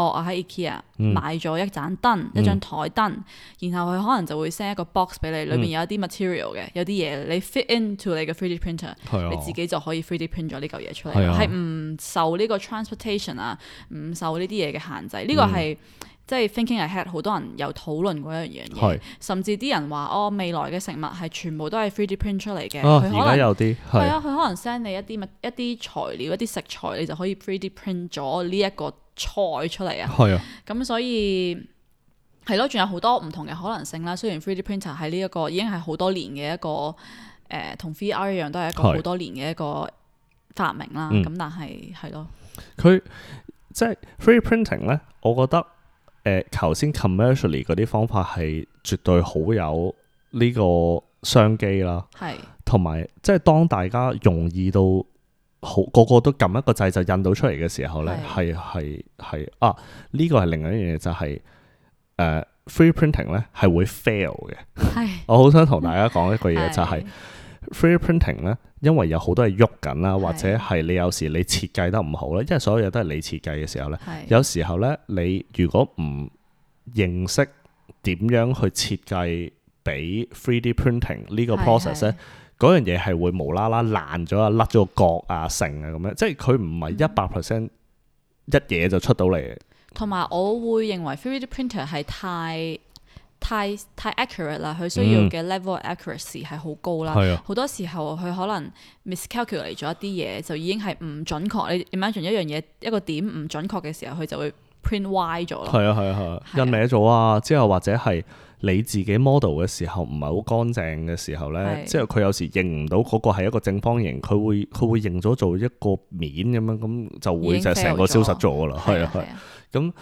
哦、我喺 IKEA、嗯、買咗一盞燈，嗯、一張台燈，然後佢可能就會 send 一個 box 俾你，裏面有一啲 material 嘅，嗯、有啲嘢你 fit into 你嘅 3D printer，啊、你自己就可以 3D print 咗呢嚿嘢出嚟，係唔受呢個 transportation 啊，唔受呢啲嘢嘅限制。呢、嗯、個係即係 thinking ahead，好多人有討論過一樣嘢，是甚至啲人話哦，未來嘅食物係全部都係 3D print 出嚟嘅。佢、哦、可能，有啲係啊，佢可能 send 你一啲一啲材料，一啲食，食材，你就可以 3D print 咗呢一個。菜出嚟啊！係啊的，咁所以係咯，仲有好多唔同嘅可能性啦。雖然 3D printer 喺呢一個已經係好多年嘅一個，誒、呃、同 VR 一樣都係一個好多年嘅一個發明啦。咁的但係係咯，佢、嗯、即係 3D printing 咧，我覺得誒頭、呃、先 commercially 嗰啲方法係絕對好有呢個商機啦。係的，同埋即係當大家容易到。好個個都撳一個掣就印到出嚟嘅時候咧，係係係啊！呢個係另外一樣嘢，就係誒 3D printing 咧係會 fail 嘅。的 我好想同大家講一句嘢，的就係 3D printing 咧，因為有好多嘢喐緊啦，或者係你有時你設計得唔好咧，因為所有嘢都係你設計嘅時候咧，的有時候咧你如果唔認識點樣去設計俾 3D printing 呢個 process 咧。的嗰樣嘢係會無啦啦爛咗啊，甩咗個角啊，成啊咁樣，即係佢唔係一百 percent 一嘢就出到嚟。同埋我會認為 3D printer 係太、太、太 accurate 啦，佢需要嘅 level accuracy 係好高啦。係啊、嗯，好多時候佢可能 miscalculate 咗一啲嘢，就已經係唔準確。你 imagine 一樣嘢一個點唔準確嘅時候，佢就會 print 歪咗咯。係、嗯、啊係啊係啊，印歪咗啊，之後或者係。你自己 model 嘅時候唔係好乾淨嘅時候咧，是即係佢有時認唔到嗰個係一個正方形，佢會佢會認咗做一個面咁樣，咁就會就成個消失咗啦。係啊，係啊。咁、啊、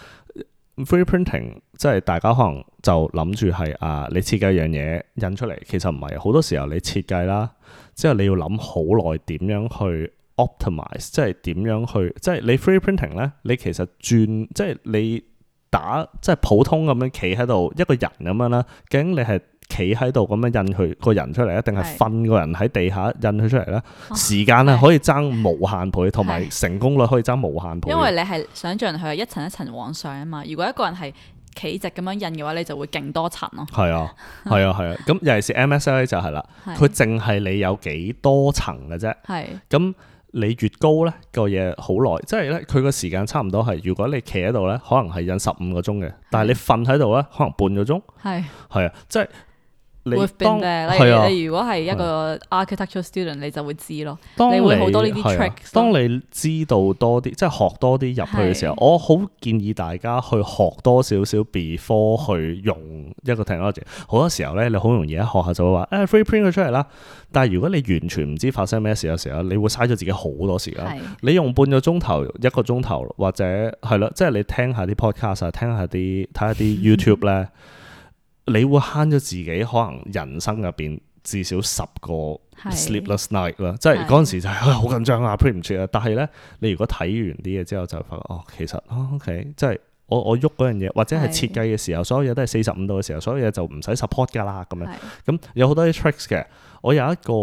free printing 即係大家可能就諗住係啊，你設計一樣嘢印出嚟，其實唔係好多時候你設計啦，之後你要諗好耐點樣去 optimize 即係點樣去，即係你 free printing 咧，你其實轉即係你。打即係普通咁樣企喺度一個人咁樣啦，究竟你係企喺度咁樣印佢個人出嚟，一定係瞓個人喺地下印佢出嚟咧？時間係可以爭無限倍，同埋的成功率可以爭無限倍。因為你係想象佢係一層一層往上啊嘛，如果一個人係企直咁樣印嘅話，你就會勁多層咯。係啊，係啊，係啊，咁尤其是 MSLA 就係啦，佢淨係你有幾多層嘅啫。係咁的。你越高咧、個嘢好耐，即係咧佢個時間差唔多係，如果你企喺度咧，可能係印十五個鐘嘅，係但係你瞓喺度咧，可能半個鐘，係係啊，即係。當你當係啊！你如果你係一個 architectural student，啊、你就會知咯。當你會好多呢啲 tricks、啊。當你知道多啲，啊、即係學多啲入去嘅時候，啊、我好建議大家去學多少少 before 去用一個 technology。好多時候咧，你好容易喺學校就會話：誒、哎、free print 佢出嚟啦。但係如果你完全唔知發生咩事嘅時候，你會嘥咗自己好多時間。啊、你用半個鐘頭、一個鐘頭或者係啦，即係、啊就是、你聽下啲 podcast，聽下啲睇下啲 YouTube 咧。 你會慳咗自己可能人生入邊至少十個 sleepless night 啦是，即係嗰陣時就係、是、好是、哎、緊張啊，print 唔出啊！但係咧，你如果睇完啲嘢之後就發覺哦，其實、哦、OK，即係我我喐嗰樣嘢，或者係設計嘅時,是時候，所有嘢都係四十五度嘅時候，所有嘢就唔使 support 㗎啦咁樣。咁是有好多啲 tricks 嘅，我有一個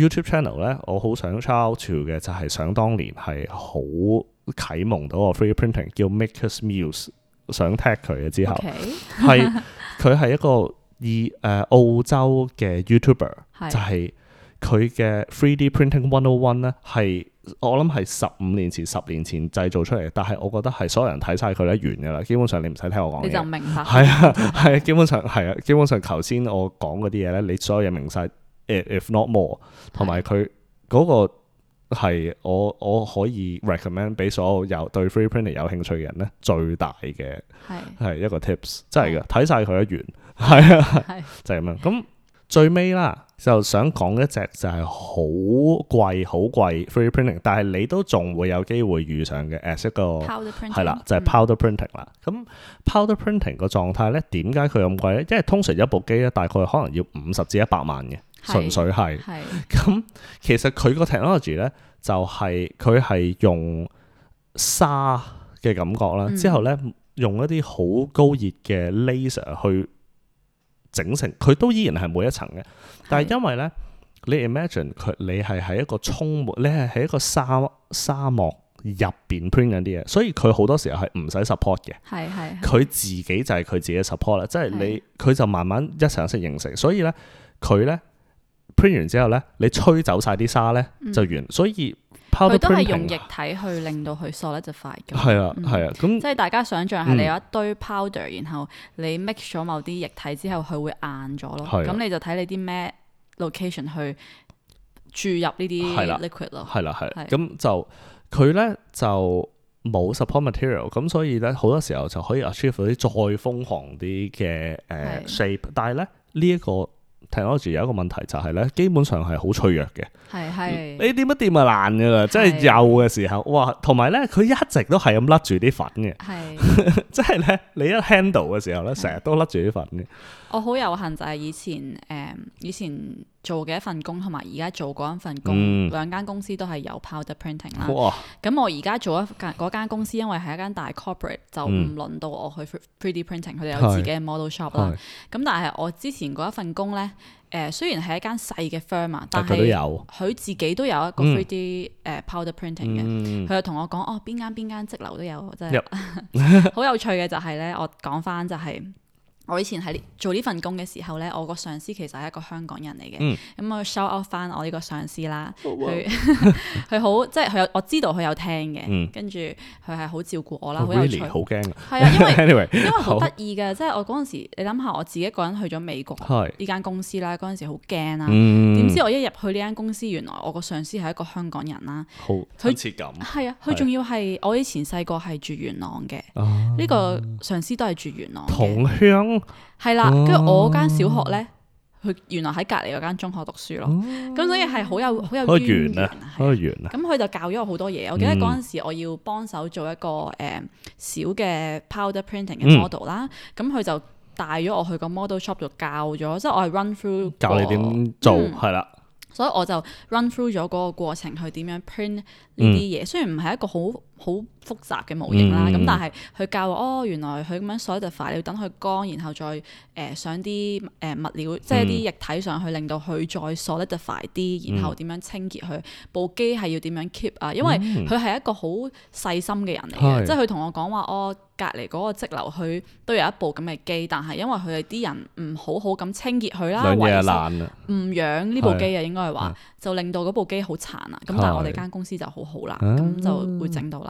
YouTube channel 咧，我好想 shout out 嘅就係、是、想當年係好啟蒙到我 free printing 叫 Maker’s Muse，想 tag 佢嘅之後係。Okay? 是 佢係一個以誒澳洲嘅 YouTuber，是就係佢嘅 3D Printing 101咧，係我諗係十五年前、十年前製造出嚟，但係我覺得係所有人睇晒佢都完嘅啦。基本上你唔使聽我講你就明白。係 啊，係基本上係啊，基本上頭先、啊、我講嗰啲嘢咧，你所有嘢明晒。if not more，同埋佢嗰個。係我我可以 recommend 俾所有有對 3D printing 有興趣嘅人咧，最大嘅係係一個 tips，真係嘅睇晒佢一完係啊，的 就係咁樣。咁最尾啦，就想講一隻就係好貴好貴 3D printing，但係你都仲會有機會遇上嘅，as 一個係啦，就係、是、powder printing 啦。咁 powder printing 個狀態咧，點解佢咁貴咧？因為通常一部機咧，大概可能要五十至一百萬嘅。純粹係，咁 其實佢個 technology 咧就係佢係用沙嘅感覺啦，嗯、之後咧用一啲好高熱嘅 laser 去整成，佢都依然係每一層嘅。但係因為咧是，你 imagine 佢，你係喺一個充滿，你係喺一個沙沙漠入邊 print 緊啲嘢，所以佢好多時候係唔使 support 嘅。係係，佢自己就係佢自己 support 啦，即係你佢就慢慢一層一層形成，所以咧佢咧。print 完之後咧，你吹走晒啲沙咧，就完。嗯、所以 powder 佢都係用液體去令到佢 solidify 嘅。係啊，係啊，咁即係大家想象係你有一堆 powder，嗯、然後你 mix 咗某啲液體之後，佢會硬咗咯。咁的你就睇你啲咩 location 去注入呢啲 liquid 咯，係啦係。咁就佢咧就冇 support material，咁所以咧好多時候就可以 achieve 嗰啲再瘋狂啲嘅誒 shape。但係咧呢一個提拉柱有一個問題就係咧，基本上係好脆弱嘅，係係，你掂一掂就爛噶啦，是即係幼嘅時候，哇！同埋咧，佢一直都係咁甩住啲粉嘅，係是， 即係咧，你一 handle 嘅時候咧，成日是都甩住啲粉嘅。我好有幸就係以前誒、嗯，以前，做嘅一份工，同埋而家做嗰一份工，兩間公司都係有 powder printing 啦。咁我而家做一間嗰間公司，因為係一間大 corporate，就唔輪到我去 three D printing，佢哋有自己嘅 model shop 啦。咁但係我之前嗰一份工呢，誒雖然係一間細嘅 firm 啊，但係佢自己都有一個 three D 誒 powder printing 嘅。佢就同我講，哦，邊間邊間職樓都有，真係好有趣嘅。就係呢，我講返就係。我以前喺做呢份工嘅時候呢，我個上司其實係一個香港人嚟嘅。咁我 show off 翻我呢個上司啦，佢佢好即係佢有我知道佢有聽嘅。跟住佢係好照顧我啦，好有趣，好驚。係啊，因為因為好得意嘅，即係我嗰陣時，你諗下我自己一個人去咗美國呢間公司啦，嗰陣時好驚啦。點知我一入去呢間公司，原來我個上司係一個香港人啦。好親切感。係啊，佢仲要係我以前細個係住元朗嘅，呢個上司都係住元朗嘅同鄉。係啦，跟住我間小學咧，佢、哦、原來喺隔籬嗰間中學讀書咯，咁、哦、所以係好有好有緣啊，咁佢就教咗我好多嘢。嗯、我記得嗰陣時我要幫手做一個誒、呃、小嘅 powder printing 嘅 model 啦，嗯，咁佢就帶咗我去個 model shop 度教咗，即、就、係、是、我係 run through，那個、教你點做係啦，嗯、的所以我就 run through 咗嗰個過程去點樣 print 呢啲嘢，嗯、雖然唔係一個好好複雜嘅模型啦，咁、嗯、但係佢教我哦，原來佢咁樣 solidify 要等佢乾，然後再誒、呃、上啲誒、呃、物料，即係啲液體上去，令到佢再 solidify 啲，然後點樣清潔佢、嗯、部機係要點樣 keep 啊？因為佢係一個好細心嘅人嚟嘅，嗯、即係佢同我講話哦，隔離嗰個積留佢都有一部咁嘅機，但係因為佢哋啲人唔好好咁清潔佢啦，或者唔養呢部機啊，嗯、應該係話就令到嗰部機好殘啊！咁但係我哋間公司就，公司就好好啦，咁就會整到啦。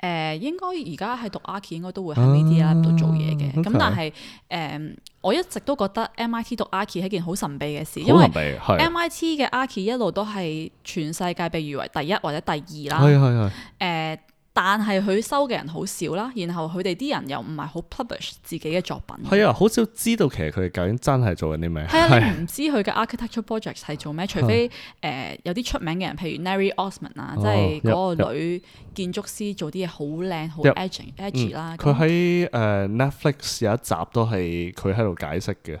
誒應該而家係讀 Archie 應該都會喺呢啲啦度做嘢嘅，咁、啊 okay. 但係誒、uh, 我一直都覺得 MIT 讀 Archie 係一件好神秘嘅事，因為 MIT 嘅 Archie 一路都係全世界被譽為第一或者第二啦，係。但係佢收嘅人好少啦，然後佢哋啲人又唔係好 publish 自己嘅作品。係啊，好少知道其實佢哋究竟真係做緊啲咩。係啊，你唔知佢嘅 architectural project 係做咩， 除非誒、呃、有啲出名嘅人，譬如 Neri Oxman 啊，即係嗰個女、嗯嗯、建築師做啲嘢好靚好 edgy edgy 啦。佢喺誒 Netflix 有一集都係佢喺度解釋嘅。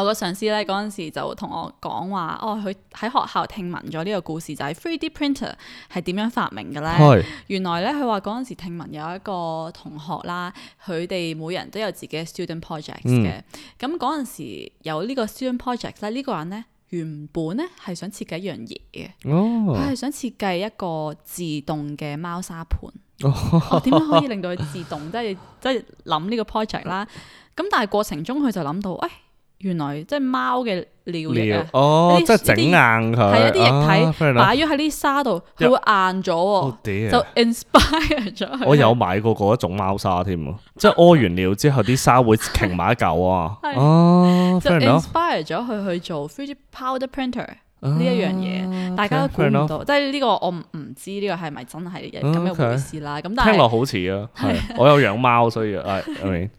我個上司咧嗰陣時就同我講話，哦，佢喺學校聽聞咗呢個故事，就係、是、3D printer 係點樣發明嘅呢？是原來呢，佢話嗰陣時聽聞有一個同學啦，佢哋每人都有自己嘅 student projects 嘅、嗯。咁嗰陣時有呢個 student project 咧，呢、這個人呢，原本呢係想設計一樣嘢嘅，佢係、哦、想設計一個自動嘅貓砂盤。哦，點、 哦、樣可以令到佢自動？即係即係諗呢個 project 啦。咁但係過程中佢就諗到，哎～原來即係貓嘅尿嚟啊尿！哦，些即係整硬佢，係啲液體擺咗喺啲沙度，佢會硬咗喎。Oh dear, 就 inspire 咗佢。我有買過嗰一種貓沙添啊！ 即係屙完尿之後，啲沙會凝埋一嚿啊！哦，就 inspire 咗佢去做 3D powder printer。呢一、啊、樣嘢，啊、大家都估唔到，Fair enough. 即係呢個我唔唔知呢個係咪真係咁嘅回事啦。咁、啊 okay。但係是聽落好似啊，我有養貓，所以係，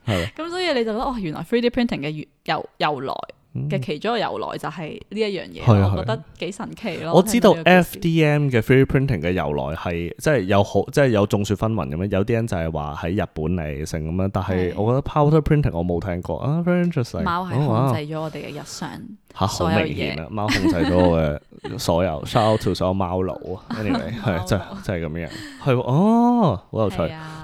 係。咁所以你就覺得哦，原來 3D printing 嘅原由由來嘅、嗯、其中一個由來就係呢一樣嘢，是是我覺得幾神奇咯。我知道 FDM 嘅 3D printing 嘅由來係即係有好即係有眾說紛紜咁樣，有啲人就係話喺日本嚟成咁樣，但係我覺得 powder printing 我冇聽過的啊。Very interesting. 貓係控制咗我哋嘅日常，嚇好、啊啊、明顯啊！貓控制咗我嘅所有，shout out to 所有貓奴啊，anyway，係真係即係咁樣。係哦，好有趣，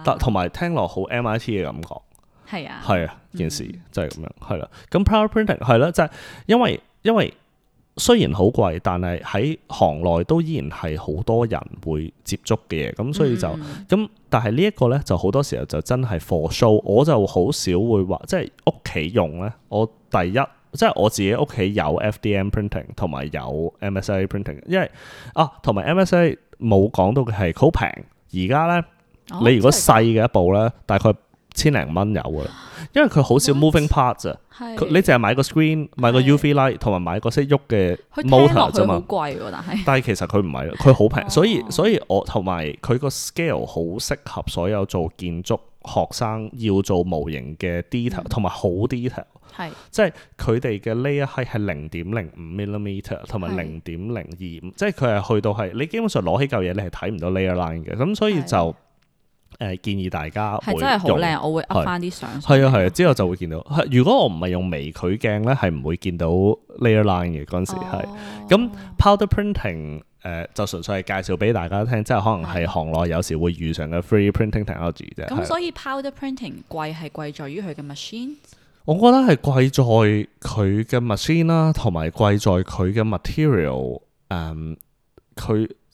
但同埋聽落好 MIT 嘅感覺。係啊，係啊，件事就係咁樣，係啦、嗯。咁、啊、powder printing 係啦、啊，就係、是、因為因為雖然好貴，但係喺行內都依然係好多人會接觸嘅嘢，咁所以就咁。嗯嗯但係呢一個咧，就好多時候就真係 for show 我就好少會話，即係屋企用咧。我第一即係、就是、我自己屋企有 FDM printing 同埋有，有 MSA printing，因為啊，同埋 MSA 冇講到嘅係好平。而家咧，你如果細嘅一部咧，哦、大概。千零蚊有啊，因為佢好少 moving parts 啊，你淨係買個 screen，買個 UV light，同埋買個識喐嘅 motor 啫嘛。但係是其實佢唔係，佢好平，所以所以我同埋佢個 scale 好適合所有做建築學生要做模型嘅 detail，同埋好、嗯、detail，係，即係佢哋嘅 layer 係零點零五 millimeter，同埋零點零二五、er mm, 是。即係佢係去到係你基本上攞起嚿嘢，你係睇唔到 layer line 嘅，咁所以就。誒、呃，建議大家係真係好靚，用我會 Up 翻啲相。係啊係啊，之後就會見到。如果我唔係用微距鏡呢，係唔會見到 layer line 嘅嗰陣時係。咁、哦、powder printing 誒、呃、就純粹係介紹俾大家聽，即係可能係行內有時會遇上嘅 free printing technology 啫、嗯。咁，的所以 powder printing 貴係貴在於佢嘅 machine。我覺得係貴在佢嘅 machine 啦，同埋貴在佢嘅 material、嗯。誒，佢。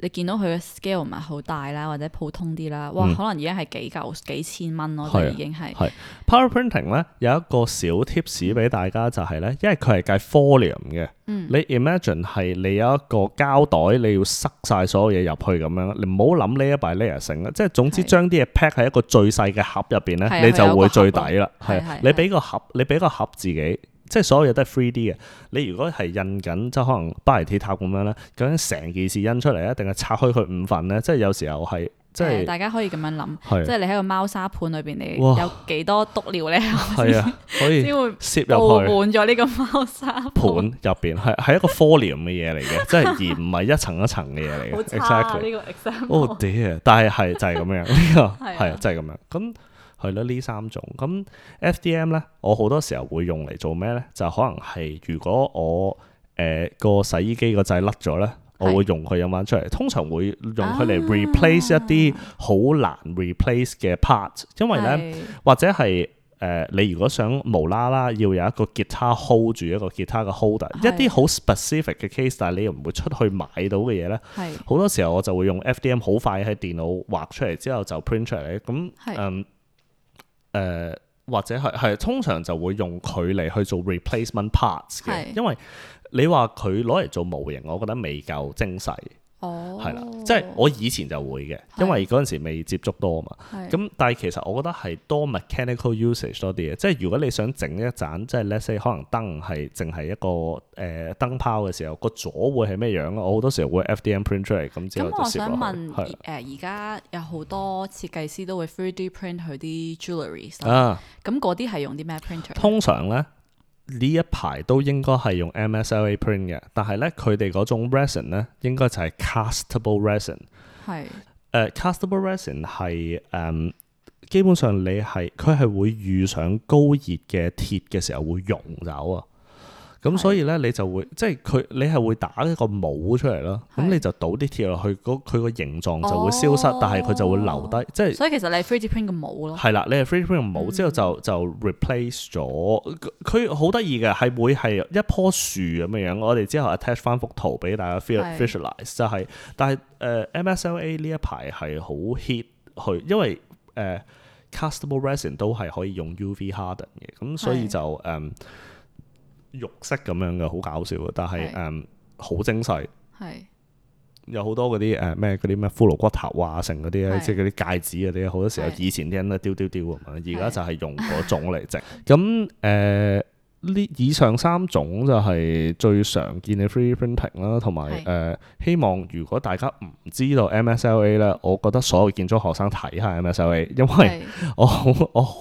你見到佢嘅 scale 唔係好大啦，或者普通啲啦，哇，嗯、可能而家係幾嚿幾千蚊咯，就、嗯、已經係。係。Powder Printing 咧有一個小 tips 俾大家就係、是、咧，因為佢係計 volume 嘅，嗯、你 imagine 係你有一個膠袋你要塞晒所有嘢入去咁樣，你唔好諗呢一 layer by layer 成，即係總之將啲嘢 pack 喺一個最細嘅盒入邊咧，的你就會最抵啦。係，的的你俾個盒，你俾個盒自己。即係所有嘢都係 3D 嘅。你如果係印緊，即係可能巴黎鐵塔咁樣咧，究竟成件事印出嚟，一定係拆開佢五份咧。即係有時候係，即係大家可以咁樣諗，即係你喺個貓砂盤裏邊，你有幾多篤料咧先會攝入滿咗呢個貓砂盤入邊？係係一個 volume 嘅嘢嚟嘅，即係而唔係一層一層嘅嘢嚟。Exactly 呢個 example。哦屌！但係係就係咁樣，呢啊，係啊，就係咁樣咁。係咯，呢三種咁 FDM 咧，我好多時候會用嚟做咩咧？就可能係如果我誒個、呃、洗衣機個掣甩咗咧，我會用佢印翻出嚟。通常會用佢嚟 replace 一啲好難 replace 嘅 part，因為咧是或者係誒、呃、你如果想無啦啦要有一個吉他 hold 住一個吉他嘅 holder，是一啲好 specific 嘅 case，但係你又唔會出去買到嘅嘢咧。係好是多時候我就會用 FDM 好快喺電腦畫出嚟之後就 print 出嚟。咁嗯。誒、uh, 或者係係通常就會用佢嚟去做 replacement parts 嘅，是因為你話佢攞嚟做模型，我覺得未夠精細。哦，係啦，即係我以前就會嘅，因為嗰陣時未接觸多嘛。咁的但係其實我覺得係多 mechanical usage 多啲嘅，即係如果你想整一盞，即係 let's say 可能燈係淨係一個誒呃、燈泡嘅時候，個座會係咩樣咧？我好多時候會 FDM print 出嚟、嗯。咁我，我想問誒，而家的、呃、有好多設計師都會 3D print 佢啲 jewellery 啊，咁嗰啲係用啲咩 printer？通常咧。呢一排都應該係用 MSLA print 嘅，但係咧佢哋種 res resin 咧應該就是係、uh, castable resin 係誒 castable resin 係誒基本上你係佢係會遇上高熱嘅鐵嘅時候會溶走啊。咁所以咧，你就會是即係佢，你係會打一個模出嚟咯。咁是你就倒啲鐵落去，佢個形狀就會消失，哦、但係佢就會留低，即、就、係、是。所以其實你係 3D print 個模咯。係啦，你係 3D print 個模之後就就 replace 咗。佢好得意嘅係會係一棵樹咁樣。我哋之後 attach 翻幅圖俾大家 feel visualize 是就係、是。但係誒、uh, MSLA 呢一排係好 hit 去，因為誒、uh, castable resin 都係可以用 UV harden 嘅，咁所以就誒。Um, 肉色咁樣嘅，好搞笑嘅，但係誒好精細，係是有好多嗰啲誒咩啲咩骷髏骨頭啊，成嗰啲咧，即係嗰啲戒指啊啲，好多時候以前啲人咧丟丟丟咁樣，而家就係用嗰種嚟整。咁誒呢以上三種就係最常見嘅 3D printing 啦，同埋誒希望如果大家唔知道 MSLA 咧，我覺得所有建築學生睇下 MSLA，因為我是我，好我好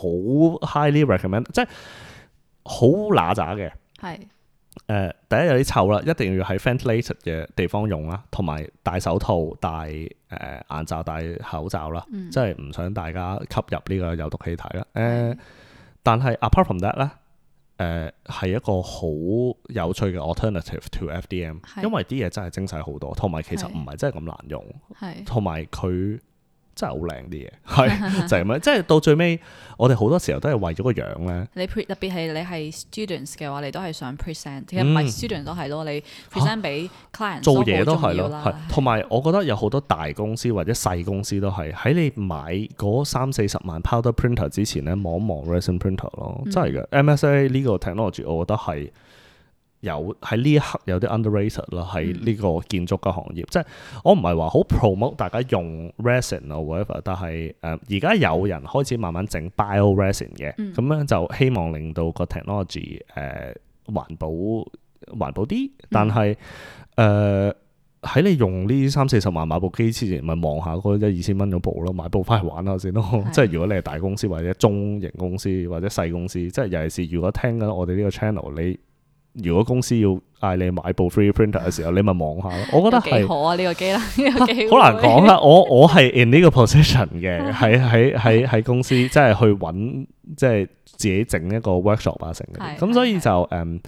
highly recommend，即係好乸渣嘅。係，誒是、呃、第一有啲臭啦，一定要喺 ventilated 嘅地方用啦，同埋戴手套、戴誒、呃、眼罩、戴口罩啦，即係唔想大家吸入呢個有毒氣體啦。誒、呃，是但係 apart from that 咧、呃，誒係一個好有趣嘅 alternative to FDM，是因為啲嘢真係精細好多，同埋其實唔係真係咁難用，同埋佢。真係好靚啲嘢，係就係咁樣， 即係到最尾，我哋好多時候都係為咗個樣咧。你 特別係你係 students 嘅話，你都係想 present，唔係 student 都係咯，你 present 俾 client 做嘢都係咯。係同埋，是是我覺得有好多大公司或者細公司都係喺你買嗰三四十萬 powder printer 之前咧，望一望 resin printer 咯，真係嘅。嗯、MSLA 呢個 technology，我覺得係。有喺呢一刻有啲 underrated 咯，喺呢個建築嘅行業，嗯、即係我唔係話好 promote 大家用 resin 啊 whatever，但係誒而家有人開始慢慢整 bio resin 嘅，咁、嗯、樣就希望令到個 technology 誒、呃、環保環保啲。但係誒喺你用呢三四十萬買部機之前，咪望下嗰一二千蚊嗰部咯，買部翻去玩下先咯。的即係如果你係大公司或者中型公司或者細公司，即係尤其是如果聽緊我哋呢個 channel 你。如果公司要嗌你買部 free printer 嘅時候，你咪望下咯。我覺得幾好啊呢個機啦，呢個機好難講啦。我我係 in 呢個 position 嘅，喺喺喺喺公司，即係去揾，即係自己整一個 workshop 啊，成嘅。咁所以就誒，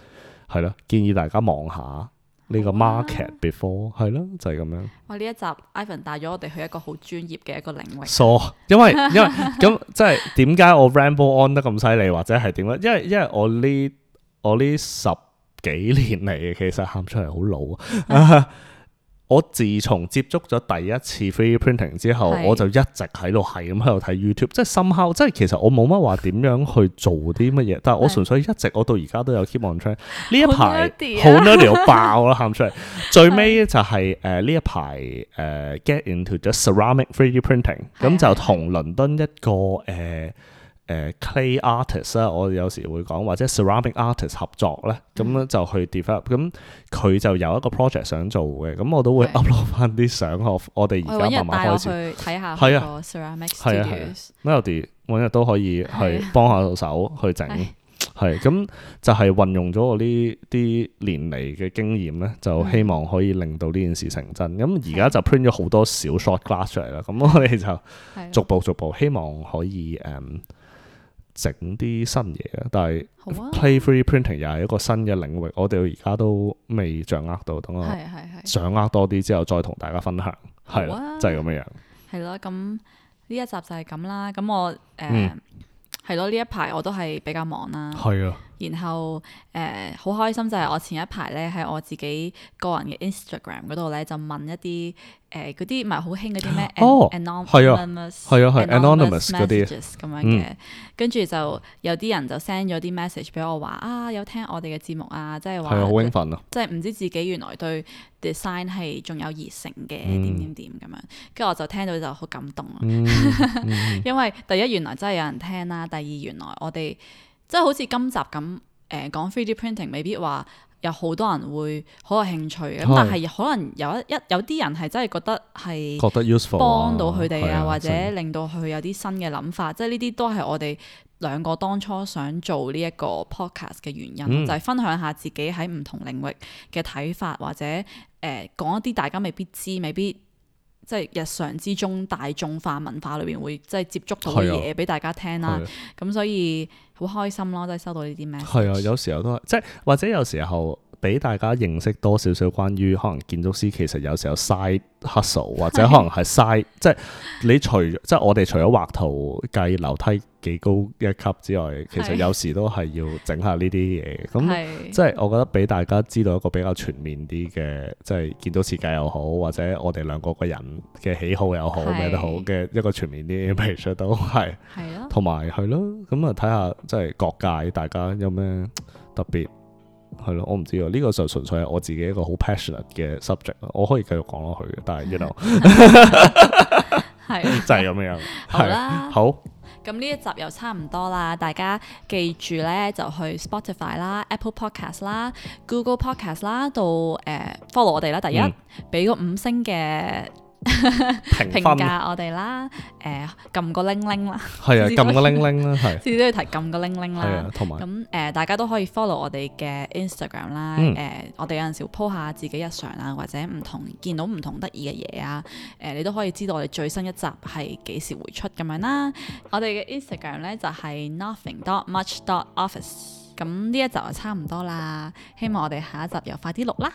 係咯，建議大家望下呢個 market before 係咯，就係咁樣。哇！呢一集 Ivan 帶咗我哋去一個好專業嘅一個領域。So，因為因為咁即係點解我 ramble on 得咁犀利，或者係點咧？因為因為我呢我呢十幾年嚟嘅，其實喊出嚟好老啊！ 我自從接觸咗第一次 3D printing 之後，是我就一直喺度係咁喺度睇 YouTube，即係深刻，即係其實我冇乜話點樣去做啲乜嘢，是但係我純粹一直我到而家都有 keep on track、啊。呢一排好 nerdy 爆啦、啊，喊出嚟！最尾就係誒呢一排誒、呃、get into 咗 ceramic 3D printing，咁的就同倫敦一個誒。呃誒、呃、clay artist 啦、啊，我哋有時會講或者 ceramic artist 合作咧，咁咧、嗯、就去 develop，咁佢就有一個 project 想做嘅，咁我都會 upload 翻啲相對我我哋而家慢慢開始，係、欸 er、啊，ceramics 係啊，melody、嗯、每日都可以去幫下手去整，係咁對、啊、就係運用咗我呢啲年嚟嘅經驗咧，就希望可以令到呢件事成真。咁而家就 print 咗好多小 short glass 出嚟啦，咁對、嗯、我哋就逐步逐步希望可以誒。嗯整啲新嘢嘅，但係 Play Free Printing 又係一個新嘅領域。啊、我哋而家都未掌握到，等我掌握多啲之後再同大家分享。係啦、啊，就係咁樣樣。係咯，咁呢一集就係咁啦。咁我誒係咯，呢、呃嗯、一排我都係比較忙啦。係啊。然後誒好開心就係我前一排咧，喺我自己個人嘅 Instagram 嗰度咧就問一啲誒嗰啲唔係好興嗰啲咩哦係啊係啊係 anonymous 嗰啲咁樣嘅，跟住就有啲人就 send 咗啲 message 俾我話啊有聽我哋嘅節目啊，即係話係啊好興奮啊！即係唔知自己原來對 design 係仲有熱誠嘅點點點咁樣，跟住我就聽到就好感動咯，因為第一原來真係有人聽啦，第二原來我哋。即係好似今集咁，誒、呃、講 three D printing，未必話有好多人會好有興趣咁的但係可能有一一有啲人係真係覺得係覺得 useful，幫到佢哋啊，或者令到佢有啲新嘅諗法，即係呢啲都係我哋兩個當初想做呢一個 podcast 嘅原因，嗯、就係分享下自己喺唔同領域嘅睇法，或者誒、呃、講一啲大家未必知、未必。即係日常之中大眾化文化裏邊會即係接觸到嘅嘢俾大家聽啦，咁的所以好開心咯，真係收到呢啲 message。係啊，有時候都係，即係或者有時候。俾大家認識多少少關於可能建築師其實有時候嘥黑數或者可能係嘥是，即係你除即係我哋除咗畫圖計樓梯幾高一級之外，其實有時都係要整下呢啲嘢。咁即係我覺得俾大家知道一個比較全面啲嘅，即係建築設計又好，或者我哋兩個個人嘅喜好又好咩是都好嘅一個全面啲描述都係。係咯、啊。同埋係咯，咁啊睇下即係各界大家有咩特別。係咯，我唔知啊，呢個就純粹係我自己一個好 passionate 嘅 subject，我可以繼續講落去嘅，但係 you know 就係咁樣。好啦，好。咁呢一集又差唔多啦，大家記住咧就去 Spotify 啦、Apple Podcast 啦、Google Podcast 啦，到誒 follow 我哋啦，第一俾個五星嘅。 評分評價我哋啦，誒、呃，撳個鈴鈴啦，係啊，撳試個鈴鈴啦，係、啊，次次都要提撳個鈴鈴啦，同埋、啊，咁誒、呃，大家都可以 follow 我哋嘅 Instagram 啦，誒、嗯呃，我哋有陣時會 po 下自己日常啊，或者唔同見到唔同得意嘅嘢啊，誒、呃，你都可以知道我哋最新一集係幾時會出咁樣啦。我哋嘅 Instagram 咧就係、是、nothing dot much dot office。咁呢一集就差唔多啦，希望我哋下一集又快啲錄啦。